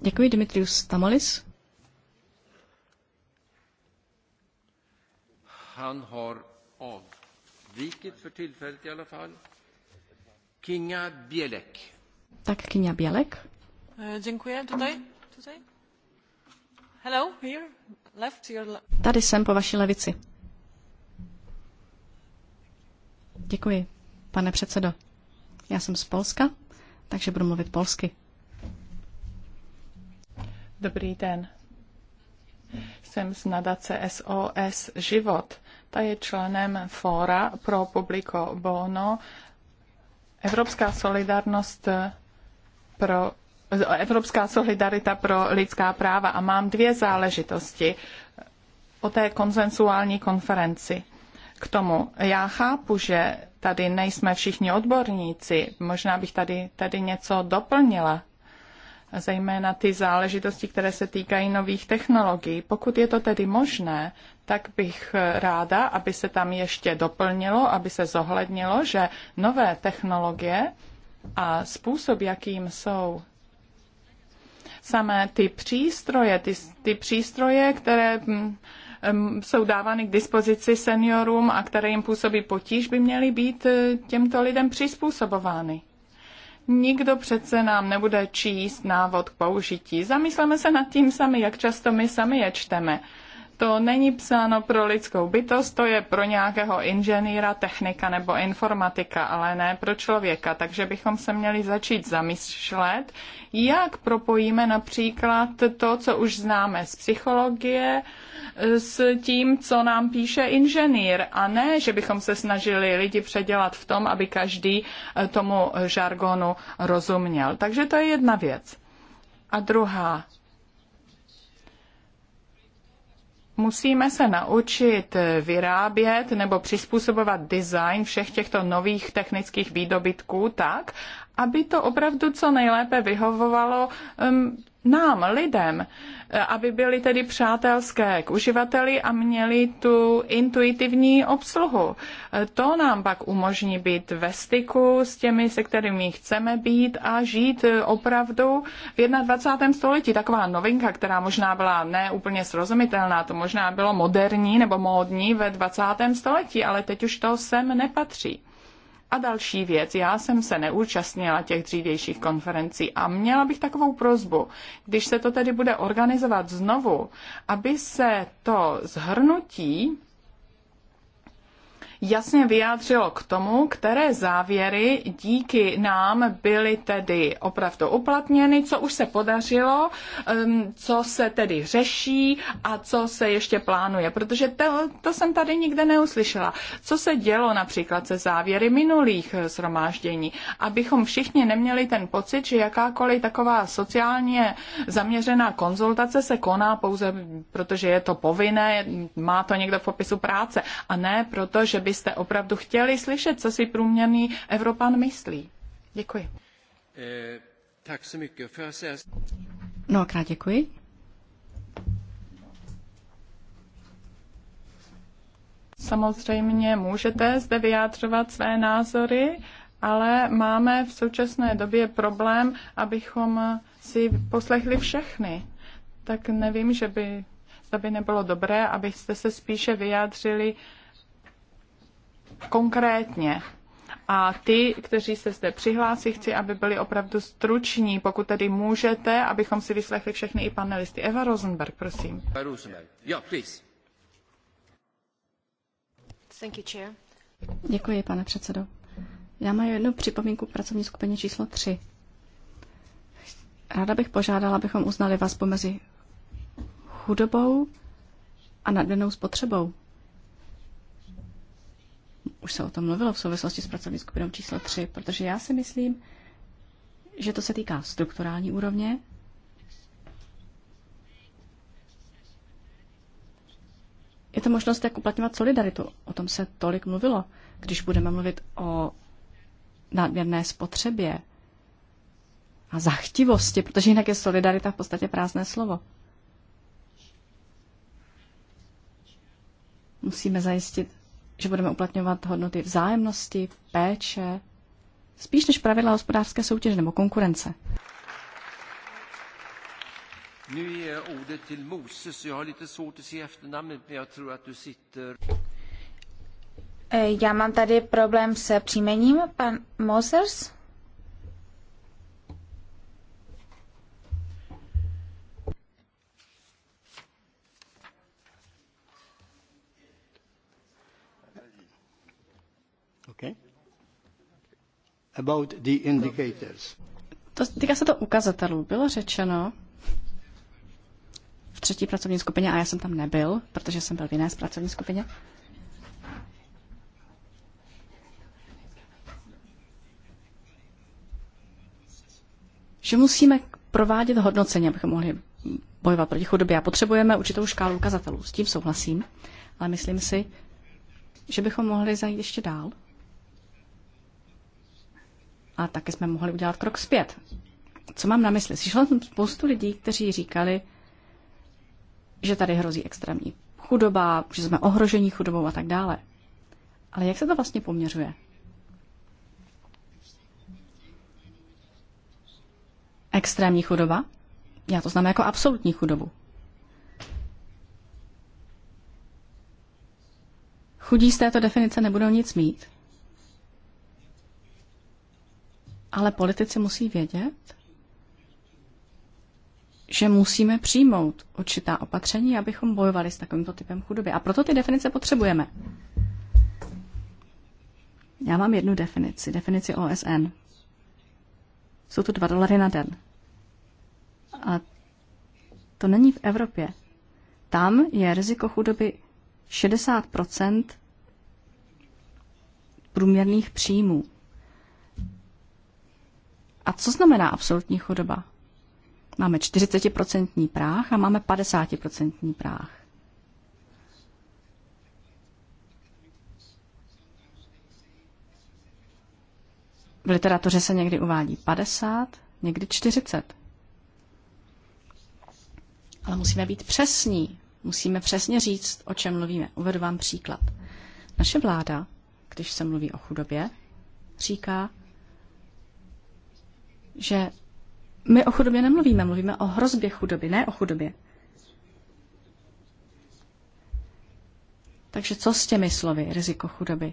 Děkuji, Dimitrius Stamolis. Han har avvikit för tillfället i alla fall. Kinga Tak Kinga Bělek. Eh, Děkuji, tutaj, tutaj. Hello, here, left, your... Tady jsem po vaší levici. Děkuji, pane předsedo. Já jsem z Polska, takže budu mluvit polsky. Dobrý den. Jsem z nadace SOS Život. Ta je členem Fóra pro publiko Bono. Evropská solidarnost pro Evropská solidarita pro lidská práva a mám dvě záležitosti o té konsenzuální konferenci k tomu. Já chápu, že tady nejsme všichni odborníci, možná bych tady, tady něco doplnila, zejména ty záležitosti, které se týkají nových technologií. Pokud je to tedy možné, tak bych ráda, aby se tam ještě doplnilo, aby se zohlednilo, že nové technologie a způsob, jakým jsou samé ty přístroje, ty, ty přístroje, které hm, jsou dávány k dispozici seniorům a které jim působí potíž, by měly být eh, těmto lidem přizpůsobovány. Nikdo přece nám nebude číst návod k použití. Zamysleme se nad tím sami, jak často my sami je čteme. To není psáno pro lidskou bytost, to je pro nějakého inženýra, technika nebo informatika, ale ne pro člověka. Takže bychom se měli začít zamýšlet, jak propojíme například to, co už známe z psychologie, s tím, co nám píše inženýr. A ne, že bychom se snažili lidi předělat v tom, aby každý eh, tomu žargonu rozuměl. Takže to je jedna věc. A druhá Musíme se naučit vyrábět nebo přizpůsobovat design všech těchto nových technických výdobytků tak, aby to opravdu co nejlépe vyhovovalo um, nám, lidem, eh, aby byli tedy přátelské k uživateli a měli tu intuitivní obsluhu. Eh, to nám pak umožní být ve styku s těmi, se kterými chceme být a žít eh, opravdu v 21. století. Taková novinka, která možná byla neúplně srozumitelná, to možná bylo moderní nebo módní ve 20. století, ale teď už to sem nepatří. A další věc, já jsem se neúčastnila těch dřívějších konferencí a měla bych takovou prozbu, když se to tedy bude organizovat znovu, aby se to zhrnutí jasně vyjádřilo k tomu, které závěry díky nám byly tedy opravdu uplatněny, co už se podařilo, co se tedy řeší a co se ještě plánuje. Protože to, to jsem tady nikde neuslyšela. Co se dělo například se závěry minulých eh, shromáždění, abychom všichni neměli ten pocit, že jakákoliv taková sociálně zaměřená konzultace se koná pouze, protože je to povinné, má to někdo v popisu práce a ne proto, že byste opravdu chtěli slyšet, co si průměrný Evropan myslí. Děkuji. Eh, Mnohokrát děkuji. Samozřejmě můžete zde vyjádřovat své názory, ale máme v současné době problém, abychom si poslechli všechny. Tak nevím, že by, zda by nebylo dobré, abyste se spíše vyjádřili konkrétně. A ty, kteří se zde přihlásí, chci, aby byli opravdu struční, pokud tedy můžete, abychom si vyslechli všechny i panelisty. Eva Rosenberg, prosím. Eva Rosenberg. Yeah, please. Thank you, chair. Děkuji, pane předsedo. Já mám jednu připomínku k pracovní skupině číslo 3. Ráda bych požádala, abychom uznali vás pomezi chudobou a nadměrnou spotřebou. Už se o tom mluvilo v souvislosti s pracovní skupinou číslo 3, protože já si myslím, že to se týká strukturální úrovně, Je to možnost, jak uplatňovat solidaritu. O tom se tolik mluvilo. Když budeme mluvit o nadměrné spotřebě a zachtivosti, protože jinak je solidarita v podstatě prázdné slovo. Musíme zajistit že budeme uplatňovat hodnoty vzájemnosti, péče, spíš než pravidla hospodářské soutěže nebo konkurence. Nu eh, Já mám tady problém se příjmením, pan Mosers. about the indicators. To týká se to ukazatelů. Bylo řečeno v třetí pracovní skupině, a já jsem tam nebyl, protože jsem byl v jiné z pracovní skupině, že musíme provádět hodnocení, abychom mohli bojovat proti chudobě a potřebujeme určitou škálu ukazatelů. S tím souhlasím, ale myslím si, že bychom mohli zajít ještě dál a taky jsme mohli udělat krok zpět. Co mám na mysli? Slyšela jsem spoustu lidí, kteří říkali, že tady hrozí extrémní chudoba, že jsme ohroženi chudobou a tak dále. Ale jak se to vlastně poměřuje? Extrémní chudoba? Já to znám jako absolutní chudobu. Chudí z této definice nebudou nic mít, Ale politici musí vědět, že musíme přijmout určitá opatření, abychom bojovali s takovýmto typem chudoby. A proto ty definice potřebujeme. Já mám jednu definici, definici OSN. Jsou to dva dolary na den. A to není v Evropě. Tam je riziko chudoby 60 průměrných příjmů. A co znamená absolutní chudoba? Máme 40% práh a máme 50% práh. V literatuře se někdy uvádí 50, někdy 40. Ale musíme být přesní. Musíme přesně říct, o čem mluvíme. Uvedu vám příklad. Naše vláda, když se mluví o chudobě, říká, že my o chudobě nemluvíme, mluvíme o hrozbě chudoby, ne o chudobě. Takže co s těmi slovy, riziko chudoby?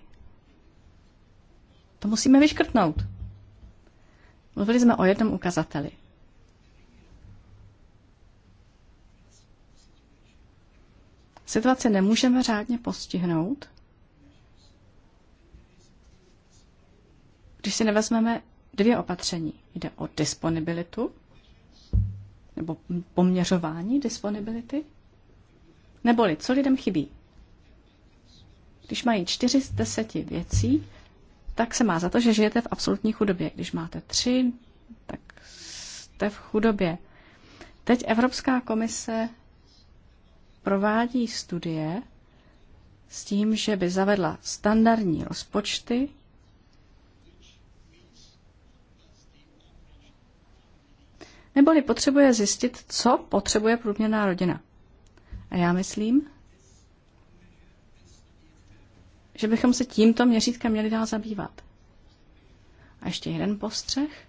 To musíme vyškrtnout. Mluvili jsme o jednom ukazateli. Situaci nemůžeme řádně postihnout, když si nevezmeme dvě opatření. Jde o disponibilitu nebo poměřování disponibility, neboli co lidem chybí. Když mají čtyři z deseti věcí, tak se má za to, že žijete v absolutní chudobě. Když máte tři, tak jste v chudobě. Teď Evropská komise provádí studie s tím, že by zavedla standardní rozpočty neboli potřebuje zjistit, co potřebuje průměrná rodina. A já myslím, že bychom se tímto měřítkem měli dál zabývat. A ještě jeden postřeh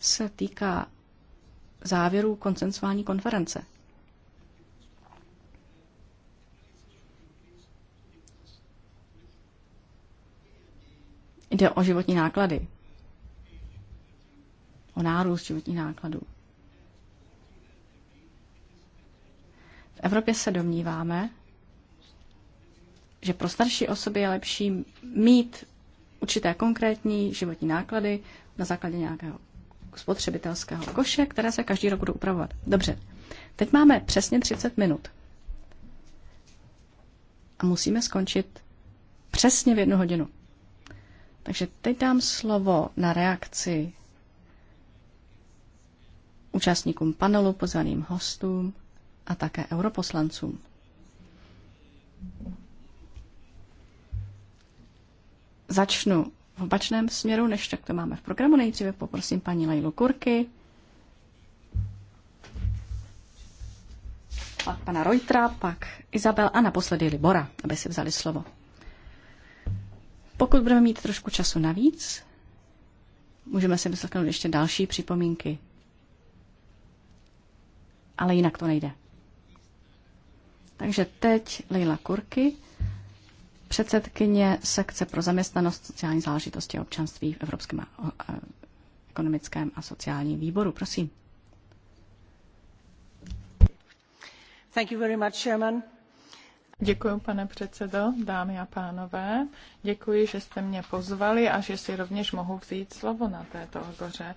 se týká závěrů koncensuální konference. Jde o životní náklady o nárůst životních nákladů. V Evropě se domníváme, že pro starší osoby je lepší mít určité konkrétní životní náklady na základě nějakého spotřebitelského koše, které se každý rok budou upravovat. Dobře, teď máme přesně 30 minut. A musíme skončit přesně v jednu hodinu. Takže teď dám slovo na reakci účastníkům panelu, pozvaným hostům a také europoslancům. Začnu v opačném směru, než tak to máme v programu. Nejdříve poprosím paní Lejlu Kurky, pak pana Reutra, pak Izabel a naposledy Libora, aby si vzali slovo. Pokud budeme mít trošku času navíc, můžeme si vyslechnout ještě další připomínky ale jinak to nejde. Takže teď Leila Kurky, předsedkyně sekce pro zaměstnanost, sociální záležitosti a občanství v Evropském ekonomickém a sociálním výboru. Prosím. Thank you very much, Chairman. Děkuji, pane předsedo, dámy a pánové. Děkuji, že jste mě pozvali a že si rovněž mohu vzít slovo na této hoře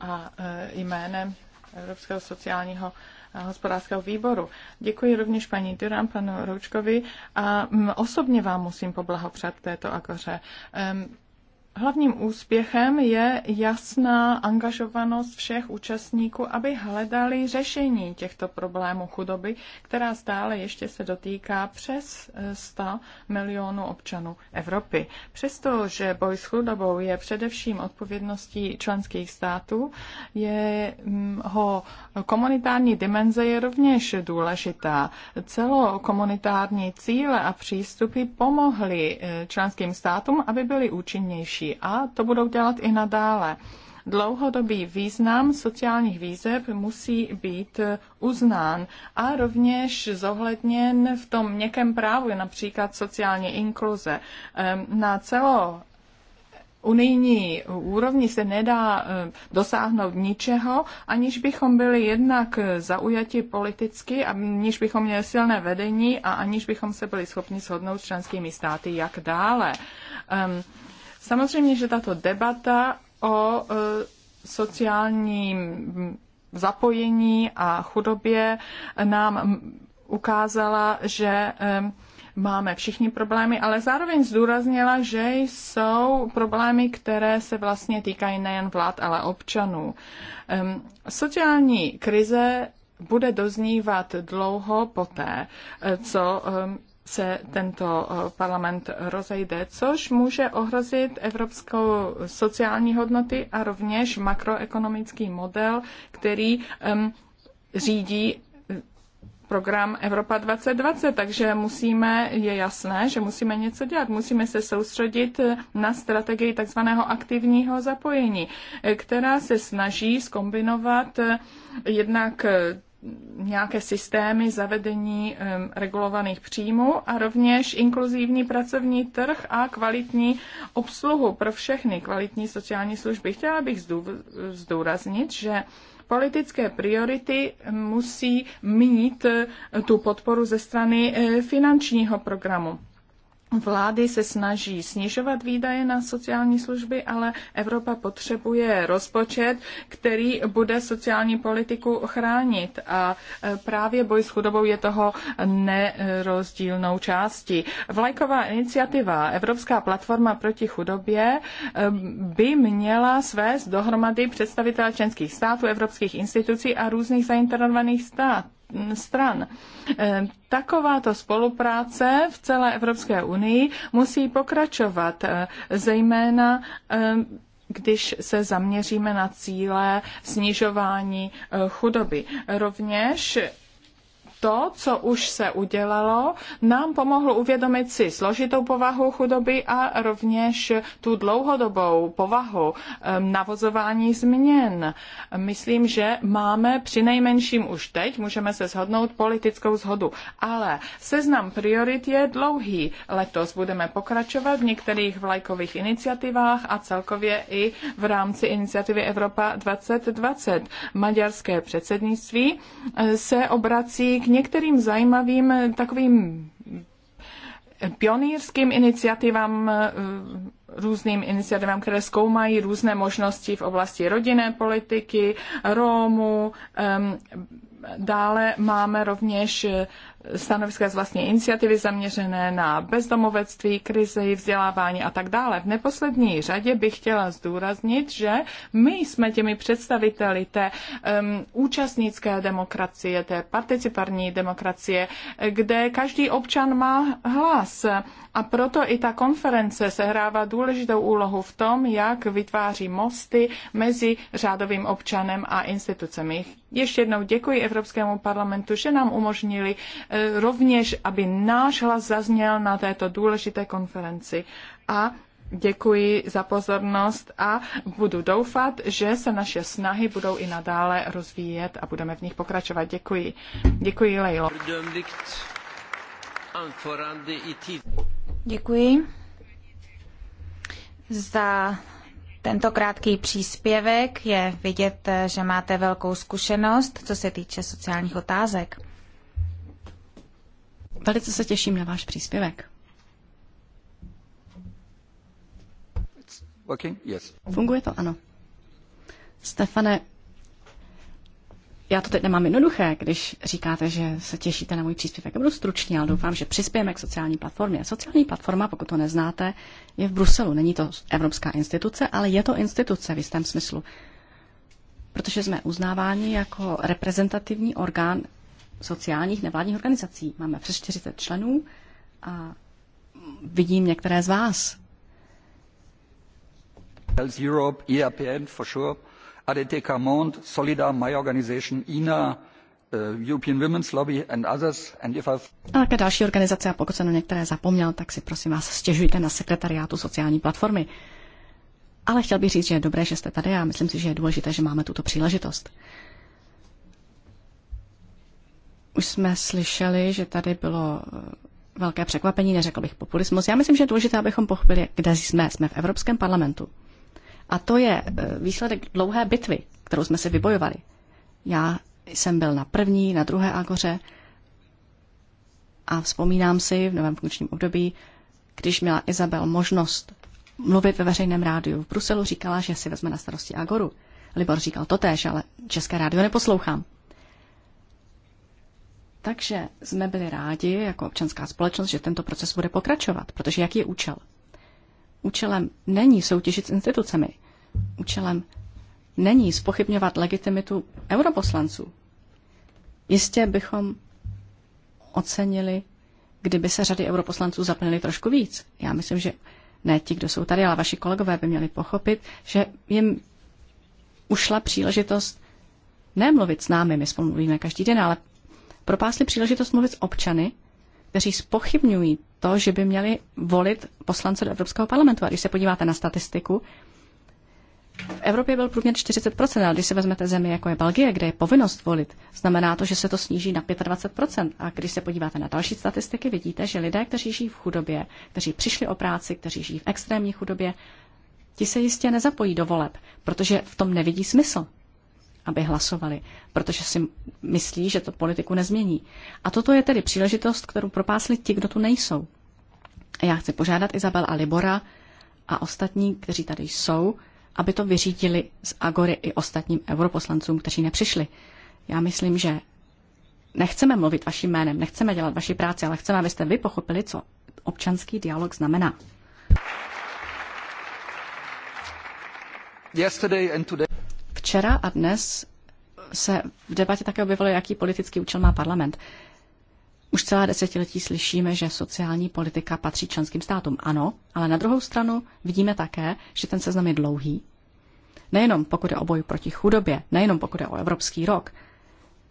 a e, jménem Evropského sociálního Eh, hospodářského výboru. Děkuji rovněž paní Duran, panu Roučkovi a mm, osobně vám musím poblahopřát této akoře. Hlavním úspěchem je jasná angažovanost všech účastníků, aby hledali řešení těchto problémů chudoby, která stále ještě se dotýká přes 100 eh, milionů občanů Evropy. Přestože boj s chudobou je především odpovědností členských států, je mm, ho komunitární dimenze je rovněž důležitá. Celokomunitární cíle a přístupy pomohly eh, členským státům, aby byly účinnější lidí a to budou dělat i nadále. Dlouhodobý význam sociálních výzev musí být uznán a rovněž zohledněn v tom měkkém právu, například sociální inkluze. Ehm, na celo unijní úrovni se nedá ehm, dosáhnout ničeho, aniž bychom byli jednak zaujati politicky, aniž bychom měli silné vedení a aniž bychom se byli schopni shodnout s členskými státy, jak dále. Ehm, Samozřejmě, že tato debata o e, sociálním zapojení a chudobě nám ukázala, že e, máme všichni problémy, ale zároveň zdůraznila, že jsou problémy, které se vlastně týkají nejen vlád, ale občanů. Sociální krize bude doznívat dlouho poté, e, co se tento eh, parlament rozejde, což může ohrozit evropskou sociální hodnoty a rovněž makroekonomický model, který um, řídí eh, program Evropa 2020, takže musíme, je jasné, že musíme něco dělat. Musíme se soustředit eh, na strategii takzvaného aktivního zapojení, která se snaží skombinovat jednak nějaké systémy zavedení um, regulovaných příjmů a rovněž inkluzivní pracovní trh a kvalitní obsluhu pro všechny, kvalitní sociální služby. Chtěla bych zdůraznit, že politické priority musí mít eh, tu podporu ze strany eh, finančního programu. Vlády se snaží snižovat výdaje na sociální služby, ale Evropa potřebuje rozpočet, který bude sociální politiku chránit. A e, právě boj s chudobou je toho nerozdílnou částí. Vlajková iniciativa Evropská platforma proti chudobě e, by měla svést dohromady představitele členských států, evropských institucí a různých zainteresovaných států stran. Eh, takováto spolupráce v celé Evropské unii musí pokračovat, eh, zejména eh, když se zaměříme na cíle snižování chudoby. Rovněž to, co už se udělalo, nám pomohlo uvědomit si složitou povahu chudoby a rovněž tu dlouhodobou povahu navozování změn. Myslím, že máme při nejmenším už teď, můžeme se shodnout politickou zhodu, ale seznam priorit je dlouhý. Letos budeme pokračovat v některých vlajkových iniciativách a celkově i v rámci iniciativy Evropa 2020. Maďarské předsednictví eh, se obrací k některým zajímavým eh, takovým pionýrským iniciativám, eh, různým iniciativám, které zkoumají různé možnosti v oblasti rodinné politiky, Rómu. Dále máme rovněž eh, stanoviska z vlastní iniciativy zaměřené na bezdomovectví, krizi, vzdělávání a tak dále. V neposlední řadě bych chtěla zdůraznit, že my jsme těmi představiteli té um, účastnické demokracie, té participarní demokracie, kde každý občan má hlas. A proto i ta konference sehrává důležitou úlohu v tom, jak vytváří mosty mezi řádovým občanem a institucemi. Ještě jednou děkuji Evropskému parlamentu, že nám umožnili Eh, rovněž, aby náš hlas zazněl na této důležité konferenci. A Děkuji za pozornost a budu doufat, že se naše snahy budou i nadále rozvíjet a budeme v nich pokračovat. Děkuji. Děkuji, Lejlo. Děkuji za tento krátký příspěvek. Je vidět, eh, že máte velkou zkušenost, co se týče sociálních otázek. Velice se těším na váš příspěvek. yes. Funguje to, ano. Stefane, já to teď nemám jednoduché, když říkáte, že se těšíte na můj příspěvek. Já budu stručný, ale doufám, že přispějeme k sociální platformě. Sociální platforma, pokud to neznáte, je v Bruselu. Není to evropská instituce, ale je to instituce v jistém smyslu. Protože jsme uznáváni jako reprezentativní orgán sociálních nevládních organizací. Máme přes 40 členů a vidím některé z vás. Health Europe, ERPN for sure, ADTK Monde, Solida, My Organization, INA, eh, European Women's Lobby and others. And if I've... A také další organizace, a pokud jsem na některé zapomněl, tak si prosím vás stěžujte na sekretariátu sociální platformy. Ale chtěl bych říct, že je dobré, že jste tady a myslím si, že je důležité, že máme tuto příležitost. Už jsme slyšeli, že tady bylo eh, velké překvapení, neřekl bych populismus. Já myslím, že je důležité, abychom pochopili, kde jsme. Jsme v Evropském parlamentu. A to je eh, výsledek dlouhé bitvy, kterou jsme si vybojovali. Já jsem byl na první, na druhé agoře a vzpomínám si v novém funkčním období, když měla Izabel možnost mluvit ve veřejném rádiu v Bruselu, říkala, že si vezme na starosti Agoru. Libor říkal to tež, ale české rádio neposlouchám. Takže jsme byli rádi jako občanská společnost, že tento proces bude pokračovat, protože jaký je účel? Účelem není soutěžit s institucemi. Účelem není spochybňovat legitimitu europoslanců. Jistě bychom ocenili, kdyby se řady europoslanců zaplnily trošku víc. Já myslím, že ne ti, kdo jsou tady, ale vaši kolegové by měli pochopit, že jim ušla příležitost nemluvit s námi, my spolu mluvíme každý den, ale propásli příležitost mluvit s občany, kteří spochybňují to, že by měli volit poslance do Evropského parlamentu. A když se podíváte na statistiku, v Evropě byl průměr 40%, ale když si vezmete zemi, jako je Belgie, kde je povinnost volit, znamená to, že se to sníží na 25%. A když se podíváte na další statistiky, vidíte, že lidé, kteří žijí v chudobě, kteří přišli o práci, kteří žijí v extrémní chudobě, ti se jistě nezapojí do voleb, protože v tom nevidí smysl aby hlasovali, protože si myslí, že to politiku nezmění. A toto je tedy příležitost, kterou propásli ti, kdo tu nejsou. A já chci požádat Izabel a Libora a ostatní, kteří tady jsou, aby to vyřídili z Agory i ostatním europoslancům, kteří nepřišli. Já myslím, že nechceme mluvit vaším jménem, nechceme dělat vaši práci, ale chceme, abyste vy pochopili, co občanský dialog znamená. Yesterday and today Včera a dnes se v debatě také objevilo, jaký politický účel má parlament. Už celá desetiletí slyšíme, že sociální politika patří členským státům. Ano, ale na druhou stranu vidíme také, že ten seznam je dlouhý. Nejenom pokud je o boju proti chudobě, nejenom pokud je o Evropský rok.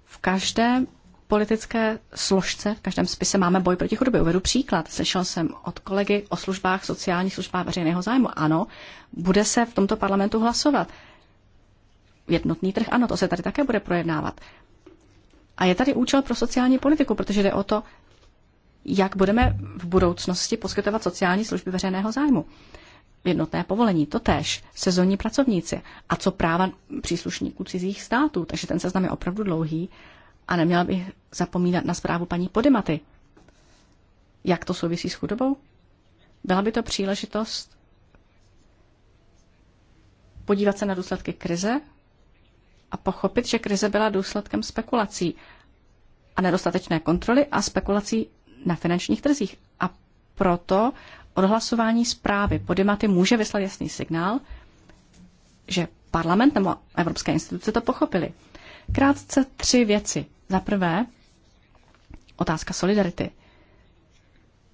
V každé politické složce, v každém spise máme boj proti chudobě. Uvedu příklad. Slyšel jsem od kolegy o službách, sociálních službách veřejného zájmu. Ano, bude se v tomto parlamentu hlasovat jednotný trh, ano, to se tady také bude projednávat. A je tady účel pro sociální politiku, protože jde o to, jak budeme v budoucnosti poskytovat sociální služby veřejného zájmu. Jednotné povolení, to též, sezónní pracovníci a co práva příslušníků cizích států. Takže ten seznam je opravdu dlouhý a neměla bych zapomínat na zprávu paní Podimaty. Jak to souvisí s chudobou? Byla by to příležitost podívat se na důsledky krize a pochopit, že krize byla důsledkem spekulací a nedostatečné kontroly a spekulací na finančních trzích. A proto odhlasování zprávy Podimaty může vyslat jasný signál, že parlament nebo evropské instituce to pochopili. Krátce tři věci. Za prvé, otázka solidarity.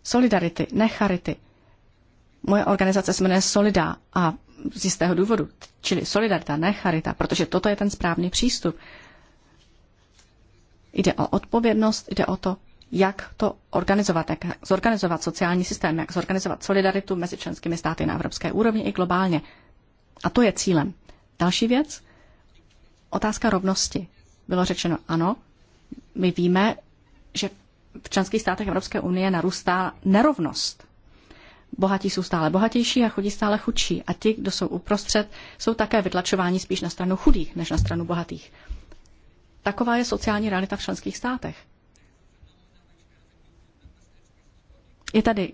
Solidarity, ne charity. Moje organizace se jmenuje Solida a z jistého důvodu. Čili solidarita, ne charita, protože toto je ten správný přístup. Jde o odpovědnost, jde o to, jak to organizovat, jak zorganizovat sociální systém, jak zorganizovat solidaritu mezi členskými státy na evropské úrovni i globálně. A to je cílem. Další věc, otázka rovnosti. Bylo řečeno ano, my víme, že v členských státech Evropské unie narůstá nerovnost Bohatí jsou stále bohatější a chudí stále chudší. A ti, kdo jsou uprostřed, jsou také vytlačováni spíš na stranu chudých než na stranu bohatých. Taková je sociální realita v členských státech. Je tady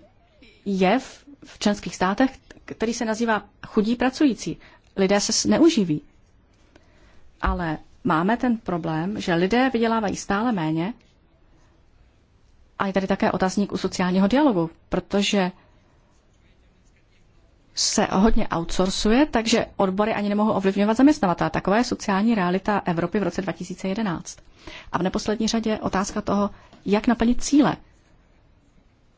jev v členských státech, který se nazývá chudí pracující. Lidé se neuživí. Ale máme ten problém, že lidé vydělávají stále méně a je tady také otazník u sociálního dialogu, protože se hodně outsourcuje, takže odbory ani nemohou ovlivňovat zaměstnavatele. Taková je sociální realita Evropy v roce 2011. A v neposlední řadě otázka toho, jak naplnit cíle.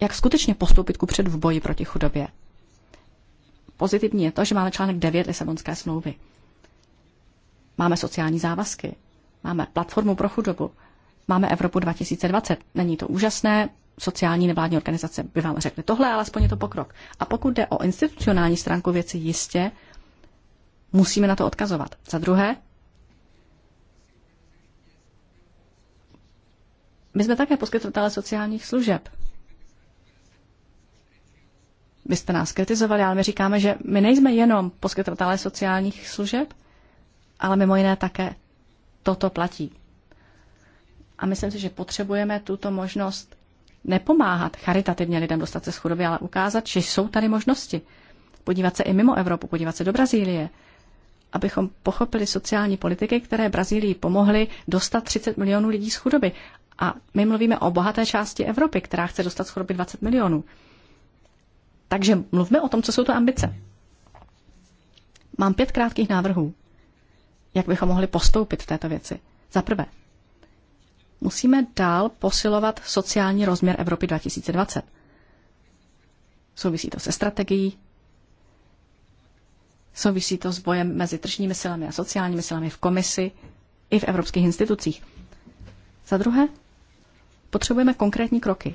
Jak skutečně postoupit ku před v boji proti chudobě. Pozitivní je to, že máme článek 9 Lisabonské smlouvy. Máme sociální závazky. Máme platformu pro chudobu. Máme Evropu 2020. Není to úžasné, sociální nevládní organizace by vám řekly tohle, aspoň je to pokrok. A pokud jde o institucionální stránku věci, jistě musíme na to odkazovat. Za druhé, my jsme také poskytovatele sociálních služeb. Vy jste nás kritizovali, ale my říkáme, že my nejsme jenom poskytovatelé sociálních služeb, ale mimo jiné také toto platí. A myslím si, že potřebujeme tuto možnost nepomáhat charitativně lidem dostat se z chudoby, ale ukázat, že jsou tady možnosti. Podívat se i mimo Evropu, podívat se do Brazílie, abychom pochopili sociální politiky, které Brazílii pomohly dostat 30 milionů lidí z chudoby. A my mluvíme o bohaté části Evropy, která chce dostat z chudoby 20 milionů. Takže mluvme o tom, co jsou to ambice. Mám pět krátkých návrhů, jak bychom mohli postoupit v této věci. Za prvé, Musíme dál posilovat sociální rozměr Evropy 2020. Souvisí to se strategií, souvisí to s bojem mezi tržními silami a sociálními silami v komisi i v evropských institucích. Za druhé, potřebujeme konkrétní kroky.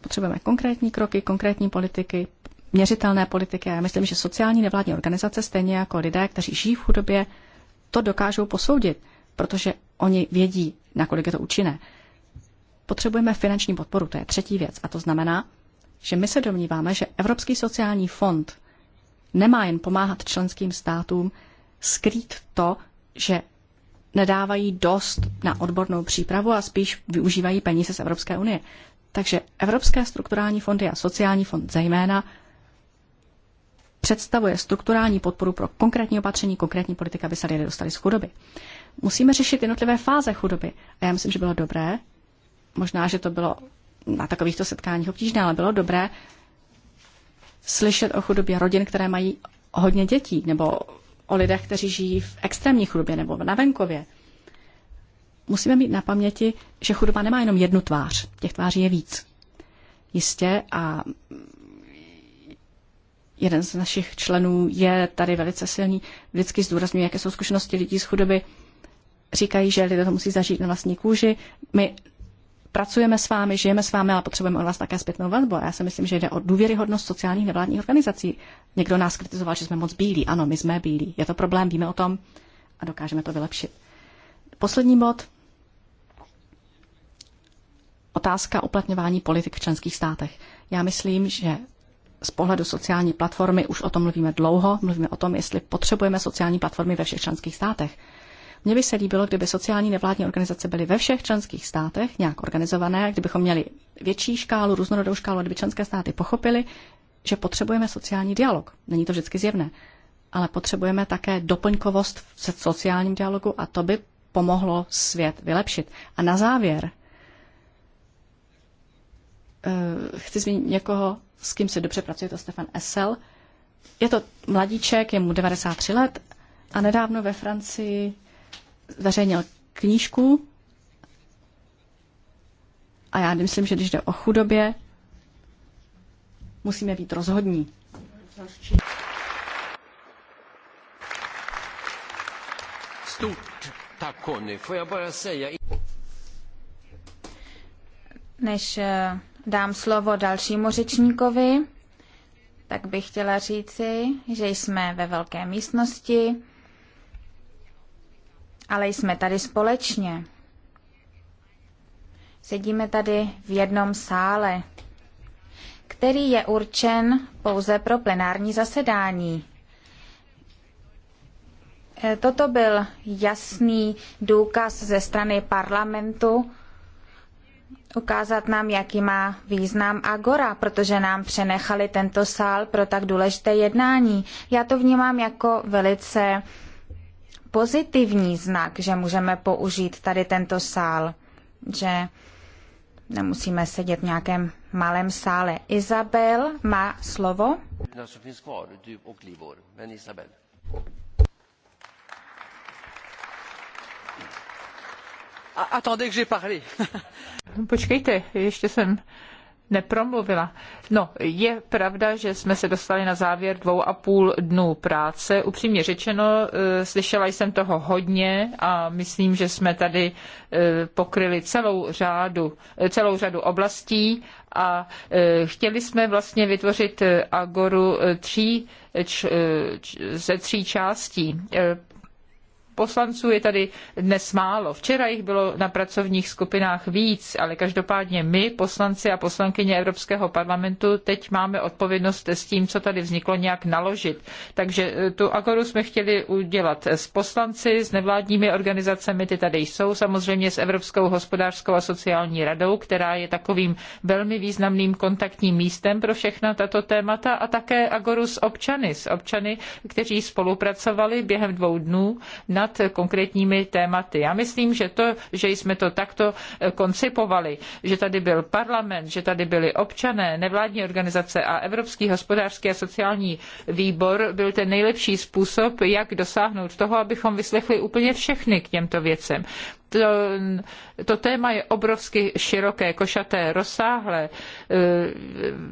Potřebujeme konkrétní kroky, konkrétní politiky, měřitelné politiky. já myslím, že sociální nevládní organizace, stejně jako lidé, kteří žijí v chudobě, to dokážou posoudit, protože oni vědí, nakolik je to účinné. Potřebujeme finanční podporu, to je třetí věc. A to znamená, že my se domníváme, že Evropský sociální fond nemá jen pomáhat členským státům skrýt to, že nedávají dost na odbornou přípravu a spíš využívají peníze z Evropské unie. Takže Evropské strukturální fondy a sociální fond zejména představuje strukturální podporu pro konkrétní opatření, konkrétní politika, aby se lidé dostali z chudoby. Musíme řešit jednotlivé fáze chudoby. A já myslím, že bylo dobré, možná, že to bylo na takovýchto setkáních obtížné, ale bylo dobré slyšet o chudobě rodin, které mají hodně dětí, nebo o lidech, kteří žijí v extrémní chudobě nebo na venkově. Musíme mít na paměti, že chudoba nemá jenom jednu tvář, těch tváří je víc. Jistě a jeden z našich členů je tady velice silný, vždycky zdůrazňuje, jaké jsou zkušenosti lidí z chudoby, říkají, že lidé to musí zažít na vlastní kůži. My pracujeme s vámi, žijeme s vámi, ale potřebujeme od vás také zpětnou vazbu. já si myslím, že jde o důvěryhodnost sociálních nevládních organizací. Někdo nás kritizoval, že jsme moc bílí. Ano, my jsme bílí. Je to problém, víme o tom a dokážeme to vylepšit. Poslední bod. Otázka uplatňování politik v členských státech. Já myslím, že z pohledu sociální platformy už o tom mluvíme dlouho. Mluvíme o tom, jestli potřebujeme sociální platformy ve všech členských státech. Mně by se líbilo, kdyby sociální nevládní organizace byly ve všech členských státech nějak organizované, kdybychom měli větší škálu, různorodou škálu, kdyby členské státy pochopili, že potřebujeme sociální dialog. Není to vždycky zjevné, ale potřebujeme také doplňkovost v sociálním dialogu a to by pomohlo svět vylepšit. A na závěr eh, chci zmínit někoho, s kým se dobře pracuje, to Stefan Essel. Je to mladíček, je mu 93 let a nedávno ve Francii zveřejnil knížku a já myslím, že když jde o chudobě, musíme být rozhodní. Než eh, dám slovo dalšímu řečníkovi, tak bych chtěla říci, že jsme ve velké místnosti ale jsme tady společně. Sedíme tady v jednom sále, který je určen pouze pro plenární zasedání. E, toto byl jasný důkaz ze strany parlamentu ukázat nám, jaký má význam Agora, protože nám přenechali tento sál pro tak důležité jednání. Já to vnímám jako velice pozitivní znak, že můžeme použít tady tento sál, že nemusíme sedět v nějakém malém sále. Izabel má slovo. Attendez que j'ai parlé. Počkejte, ještě jsem nepromluvila. No, je pravda, že jsme se dostali na závěr dvou a půl dnů práce. Upřímně řečeno, eh, slyšela jsem toho hodně a myslím, že jsme tady eh, pokryli celou, řádu, eh, celou řadu oblastí a chtěli jsme vlastně vytvořit agoru tří, č, č, ze tří částí poslanců je tady dnes málo. Včera jich bylo na pracovních skupinách víc, ale každopádně my, poslanci a poslankyně Evropského parlamentu, teď máme odpovědnost s tím, co tady vzniklo, nějak naložit. Takže eh, tu agoru jsme chtěli udělat s poslanci, s nevládními organizacemi, ty tady jsou, samozřejmě s Evropskou hospodářskou a sociální radou, která je takovým velmi významným kontaktním místem pro všechna tato témata a také agoru s občany, s občany, kteří spolupracovali během dvou dnů na nad konkrétními tématy. Já myslím, že to, že jsme to takto eh, koncipovali, že tady byl parlament, že tady byli občané, nevládní organizace a Evropský hospodářský a sociální výbor byl ten nejlepší způsob, jak dosáhnout toho, abychom vyslechli úplně všechny k těmto věcem to, to téma je obrovsky široké, košaté, rozsáhlé. E,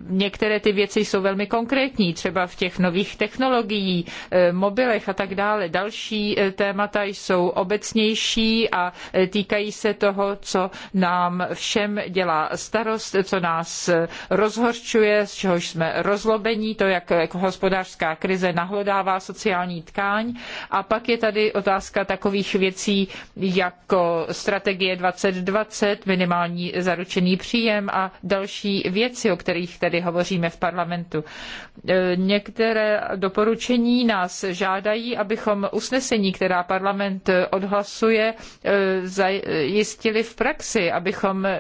některé ty věci jsou velmi konkrétní, třeba v těch nových technologií, e, mobilech a tak dále. Další e, témata jsou obecnější a týkají se toho, co nám všem dělá starost, co nás rozhorčuje, z čehož jsme rozlobení, to, jak hospodářská krize nahlodává sociální tkáň. A pak je tady otázka takových věcí, jako strategie 2020, minimální zaručený příjem a další věci, o kterých tady hovoříme v parlamentu. E, některé doporučení nás žádají, abychom usnesení, která parlament odhlasuje, e, zajistili v praxi, abychom e,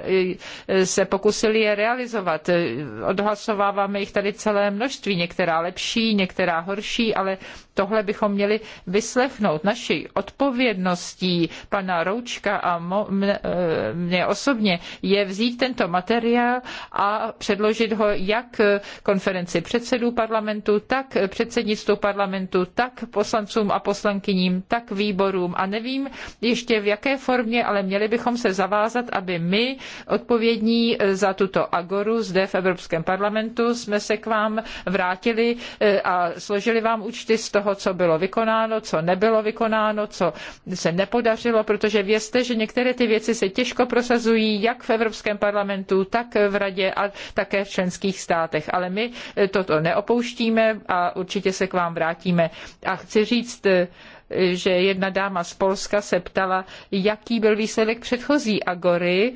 se pokusili je realizovat. Odhlasováváme jich tady celé množství, některá lepší, některá horší, ale tohle bychom měli vyslechnout. Naší odpovědností pana Roučka Jurečka a mne, e, mě osobně, je vzít tento materiál a předložit ho jak konferenci předsedů parlamentu, tak předsednictvu parlamentu, tak poslancům a poslankyním, tak výborům. A nevím ještě v jaké formě, ale měli bychom se zavázat, aby my, odpovědní za tuto agoru zde v Evropském parlamentu, jsme se k vám vrátili e, a složili vám účty z toho, co bylo vykonáno, co nebylo vykonáno, co se nepodařilo, protože věc jste, že některé ty věci se těžko prosazují jak v Evropském parlamentu, tak v Radě a také v členských státech. Ale my eh, toto neopouštíme a určitě se k vám vrátíme. A chci říct, eh, že jedna dáma z Polska se ptala, jaký byl výsledek předchozí agory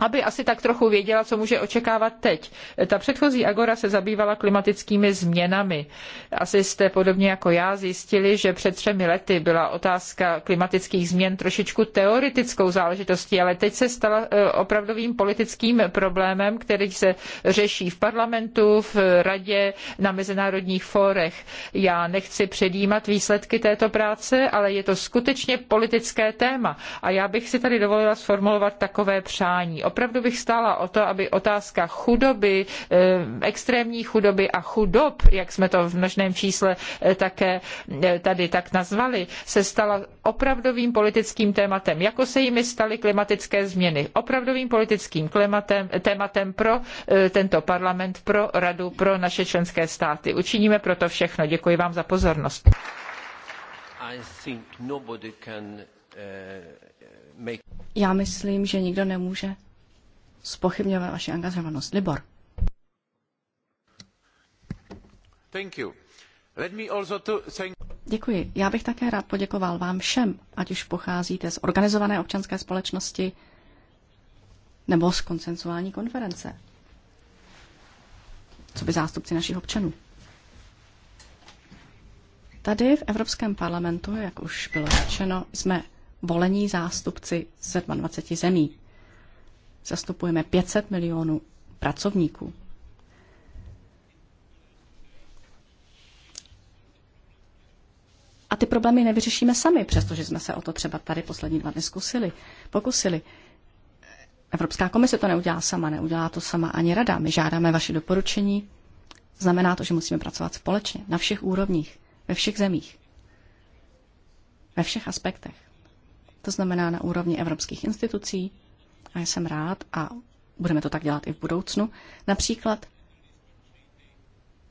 aby asi tak trochu věděla, co může očekávat teď. Ta předchozí agora se zabývala klimatickými změnami. Asi jste podobně jako já zjistili, že před třemi lety byla otázka klimatických změn trošičku teoretickou záležitostí, ale teď se stala eh, opravdovým politickým problémem, který se řeší v parlamentu, v radě, na mezinárodních fórech. Já nechci předjímat výsledky této práce, ale je to skutečně politické téma. A já bych si tady dovolila sformulovat takové přání Opravdu bych stála o to, aby otázka chudoby, eh, extrémní chudoby a chudob, jak jsme to v množném čísle eh, také eh, tady tak nazvali, se stala opravdovým politickým tématem, jako se jimi staly klimatické změny. Opravdovým politickým klimatem, tématem pro tento parlament, pro radu, pro naše členské státy. Učiníme proto všechno. Děkuji vám za pozornost. Já myslím, že nikdo nemůže spochybňovat vaši angažovanost. Libor. Thank you. Let me also to thank... Děkuji. Já bych také rád poděkoval vám všem, ať už pocházíte z organizované občanské společnosti nebo z konsensuální konference. Co by zástupci našich občanů? Tady v Evropském parlamentu, jak už bylo řečeno, jsme volení zástupci 27 zemí. Zastupujeme 500 milionů pracovníků. A ty problémy nevyřešíme sami, přestože jsme se o to třeba tady poslední dva dny zkusili, pokusili. Evropská komise to neudělá sama, neudělá to sama ani rada. My žádáme vaše doporučení. Znamená to, že musíme pracovat společně, na všech úrovních, ve všech zemích, ve všech aspektech. To znamená na úrovni evropských institucí, a jsem rád a budeme to tak dělat i v budoucnu. Například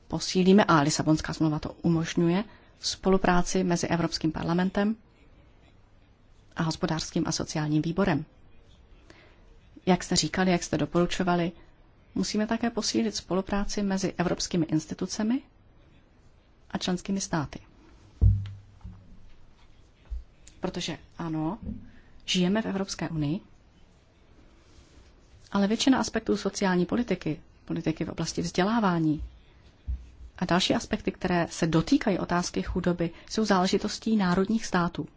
posílíme, a Lisabonská smlouva to umožňuje, spolupráci mezi Evropským parlamentem a hospodářským a sociálním výborem. Jak jste říkali, jak jste doporučovali, musíme také posílit spolupráci mezi evropskými institucemi a členskými státy. Protože ano, žijeme v Evropské unii, ale většina aspektů sociální politiky, politiky v oblasti vzdělávání a další aspekty, které se dotýkají otázky chudoby, jsou záležitostí národních států.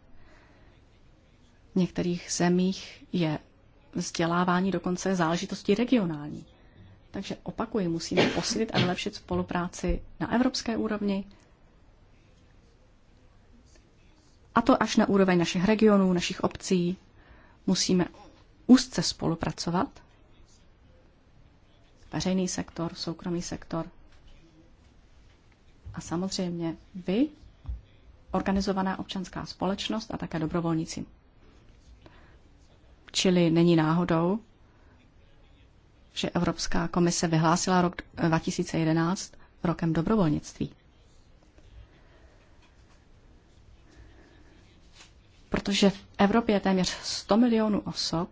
V některých zemích je vzdělávání dokonce záležitostí regionální. Takže opakuji, musíme posilit a vylepšit spolupráci na evropské úrovni, a to až na úroveň našich regionů, našich obcí. Musíme úzce spolupracovat veřejný sektor, soukromý sektor. A samozřejmě vy, organizovaná občanská společnost a také dobrovolníci. Čili není náhodou, že Evropská komise vyhlásila rok 2011 rokem dobrovolnictví. Protože v Evropě je téměř 100 milionů osob,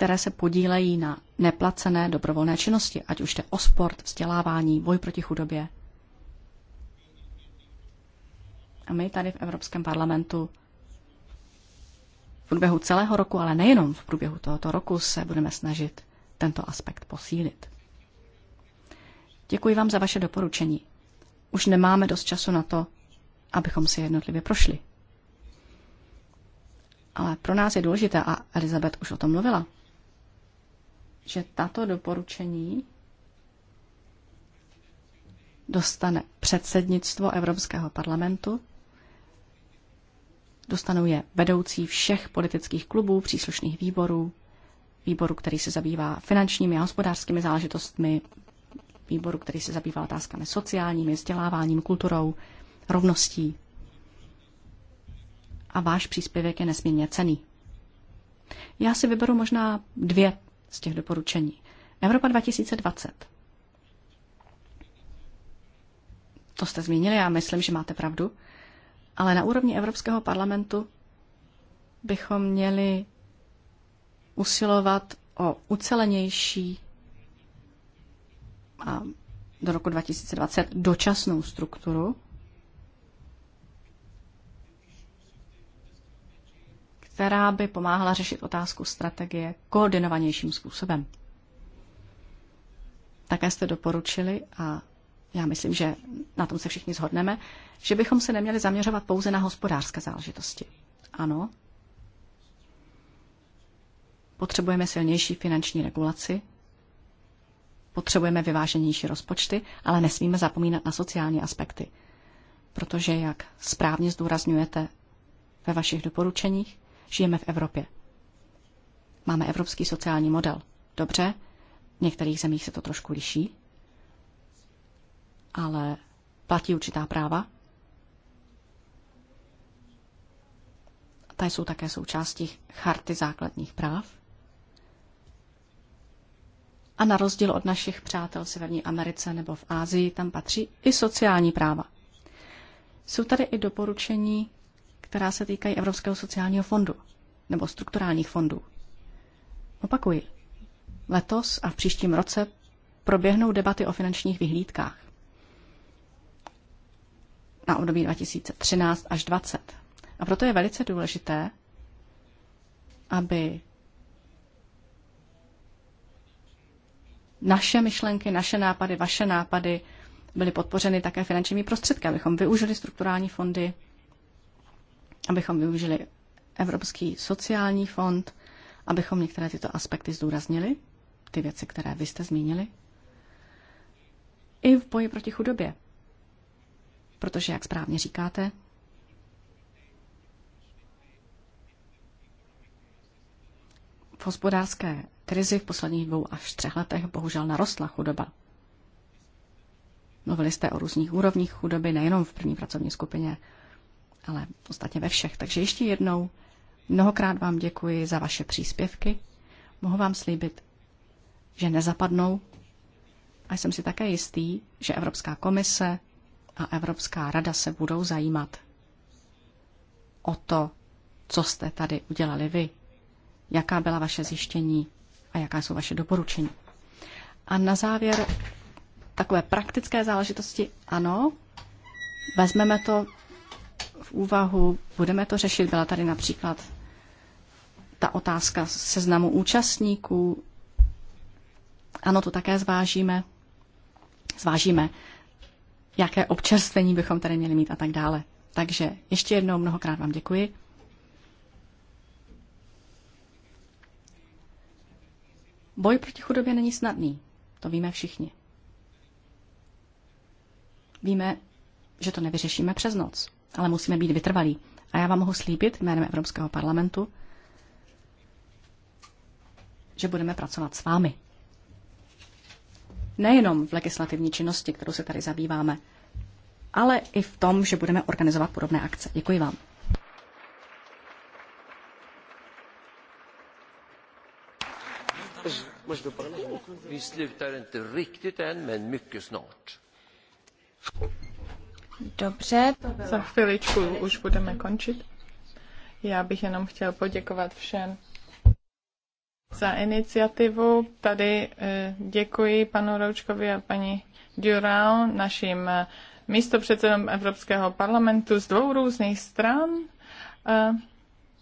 které se podílejí na neplacené dobrovolné činnosti, ať už jde o sport, vzdělávání, boj proti chudobě. A my tady v Evropském parlamentu v průběhu celého roku, ale nejenom v průběhu tohoto roku, se budeme snažit tento aspekt posílit. Děkuji vám za vaše doporučení. Už nemáme dost času na to, abychom si jednotlivě prošli. Ale pro nás je důležité, a Elizabeth už o tom mluvila, že tato doporučení dostane předsednictvo Evropského parlamentu, dostanou je vedoucí všech politických klubů, příslušných výborů, výboru, který se zabývá finančními a hospodářskými záležitostmi, výboru, který se zabývá otázkami sociálními, vzděláváním, kulturou, rovností. A váš příspěvek je nesmírně cený. Já si vyberu možná dvě z těch doporučení. Evropa 2020. To jste zmínili, já myslím, že máte pravdu, ale na úrovni Evropského parlamentu bychom měli usilovat o ucelenější a do roku 2020 dočasnou strukturu která by pomáhala řešit otázku strategie koordinovanějším způsobem. Také jste doporučili, a já myslím, že na tom se všichni shodneme, že bychom se neměli zaměřovat pouze na hospodářské záležitosti. Ano, potřebujeme silnější finanční regulaci, potřebujeme vyváženější rozpočty, ale nesmíme zapomínat na sociální aspekty. Protože, jak správně zdůrazňujete ve vašich doporučeních, Žijeme v Evropě. Máme evropský sociální model. Dobře, v některých zemích se to trošku liší, ale platí určitá práva. Ta jsou také součástí charty základních práv. A na rozdíl od našich přátel v Severní Americe nebo v Ázii, tam patří i sociální práva. Jsou tady i doporučení která se týkají Evropského sociálního fondu nebo strukturálních fondů. Opakuji, letos a v příštím roce proběhnou debaty o finančních vyhlídkách na období 2013 až 2020. A proto je velice důležité, aby naše myšlenky, naše nápady, vaše nápady byly podpořeny také finančními prostředky, abychom využili strukturální fondy abychom využili Evropský sociální fond, abychom některé tyto aspekty zdůraznili, ty věci, které vy jste zmínili, i v boji proti chudobě. Protože, jak správně říkáte, v hospodářské krizi v posledních dvou až třech letech bohužel narostla chudoba. Mluvili jste o různých úrovních chudoby, nejenom v první pracovní skupině, ale v podstatě ve všech. Takže ještě jednou mnohokrát vám děkuji za vaše příspěvky. Mohu vám slíbit, že nezapadnou a jsem si také jistý, že Evropská komise a Evropská rada se budou zajímat o to, co jste tady udělali vy, jaká byla vaše zjištění a jaká jsou vaše doporučení. A na závěr takové praktické záležitosti, ano, vezmeme to v úvahu, budeme to řešit. Byla tady například ta otázka seznamu účastníků. Ano, to také zvážíme. Zvážíme, jaké občerstvení bychom tady měli mít a tak dále. Takže ještě jednou mnohokrát vám děkuji. Boj proti chudobě není snadný, to víme všichni. Víme, že to nevyřešíme přes noc ale musíme být vytrvalí. A já vám mohu slíbit jménem Evropského parlamentu, že budeme pracovat s vámi. Nejenom v legislativní činnosti, kterou se tady zabýváme, ale i v tom, že budeme organizovat podobné akce. Děkuji vám. Vi slutar inte riktigt än, men mycket snart. Dobře. Za chviličku už budeme končit. Já bych jenom chtěl poděkovat všem za iniciativu. Tady eh, děkuji panu Roučkovi a paní Durao, našim eh, místopředsedům Evropského parlamentu z dvou různých stran. Eh,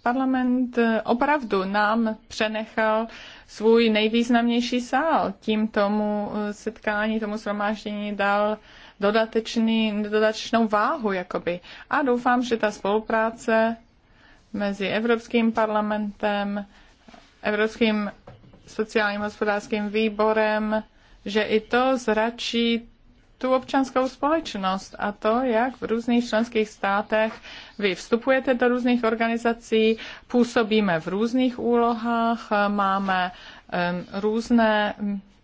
parlament opravdu nám přenechal svůj nejvýznamnější sál. Tím tomu setkání, tomu shromáždění dal dodatečný, dodatečnou váhu. Jakoby. A doufám, že ta spolupráce mezi Evropským parlamentem, Evropským sociálním hospodářským výborem, že i to zračí tu občanskou společnost a to, jak v různých členských státech vy vstupujete do různých organizací, působíme v různých úlohách, máme um, různé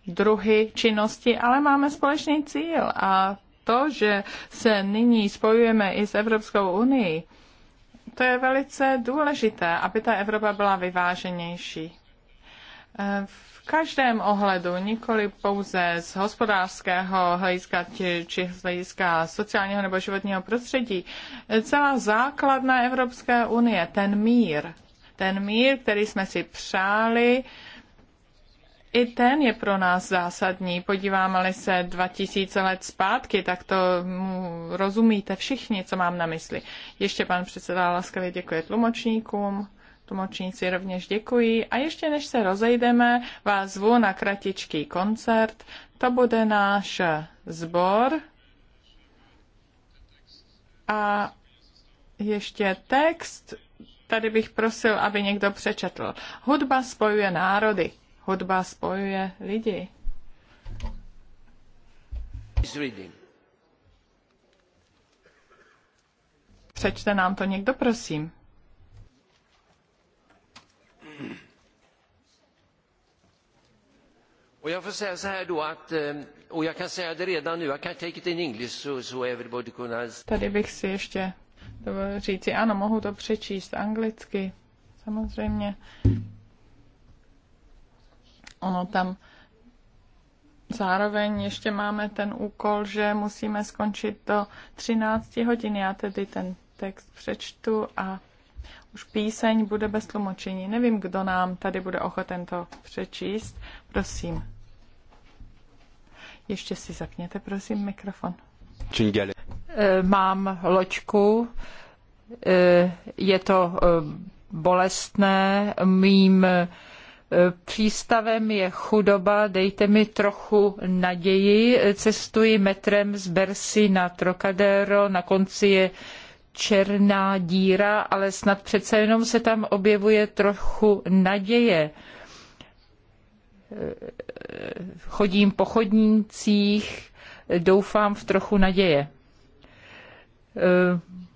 druhy činnosti, ale máme společný cíl a to, že se nyní spojujeme i s Evropskou unii, to je velice důležité, aby ta Evropa byla vyváženější. V každém ohledu, nikoli pouze z hospodářského hlediska či z hlediska sociálního nebo životního prostředí, celá základna Evropské unie, ten mír, ten mír, který jsme si přáli, i ten je pro nás zásadní. Podíváme-li se 2000 let zpátky, tak to rozumíte všichni, co mám na mysli. Ještě pan předseda laskavě děkuje tlumočníkům. Tlumočníci rovněž děkuji. A ještě než se rozejdeme, vás zvu na kratičký koncert. To bude náš sbor. A ještě text. Tady bych prosil, aby někdo přečetl. Hudba spojuje národy hudba spojuje lidi. Přečte nám to někdo, prosím. Och jag får säga så här då att, eh, och jag kan säga det redan nu, I can take it in English so, so everybody can Tady bych si ještě dovolil říci, ano, mohu to přečíst anglicky, samozřejmě. Ono tam zároveň ještě máme ten úkol, že musíme skončit do 13 hodin. Já tedy ten text přečtu a už píseň bude bez tlumočení. Nevím, kdo nám tady bude ochoten to přečíst. Prosím. Ještě si zapněte, prosím, mikrofon. Čingeli. Eh, mám loďku. Eh, je to eh, bolestné. Mým přístavem je chudoba, dejte mi trochu naději. Cestuji metrem z Bercy na Trocadero, na konci je černá díra, ale snad přece jenom se tam objevuje trochu naděje. Chodím po chodnících, doufám v trochu naděje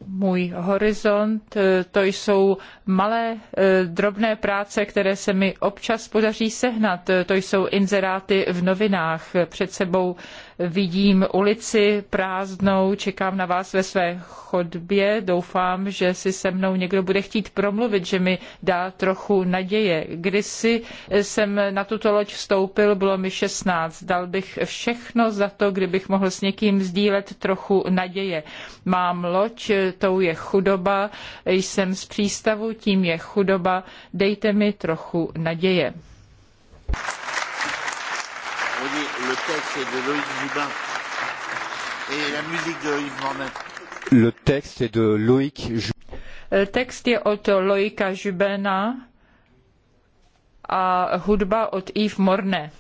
můj horizont. E, to jsou malé e, drobné práce, které se mi občas podaří sehnat. E, to jsou inzeráty v novinách. Před sebou vidím ulici prázdnou, čekám na vás ve své chodbě. Doufám, že si se mnou někdo bude chtít promluvit, že mi dá trochu naděje. Kdysi jsem na tuto loď vstoupil, bylo mi 16. Dal bych všechno za to, kdybych mohl s někým sdílet trochu naděje. Mám loď, tou je chudoba, jsem z přístavu, tím je chudoba, dejte mi trochu naděje. Le texte est de Loïc eh, Text je od Loika Jubena a hudba od Yves Morne.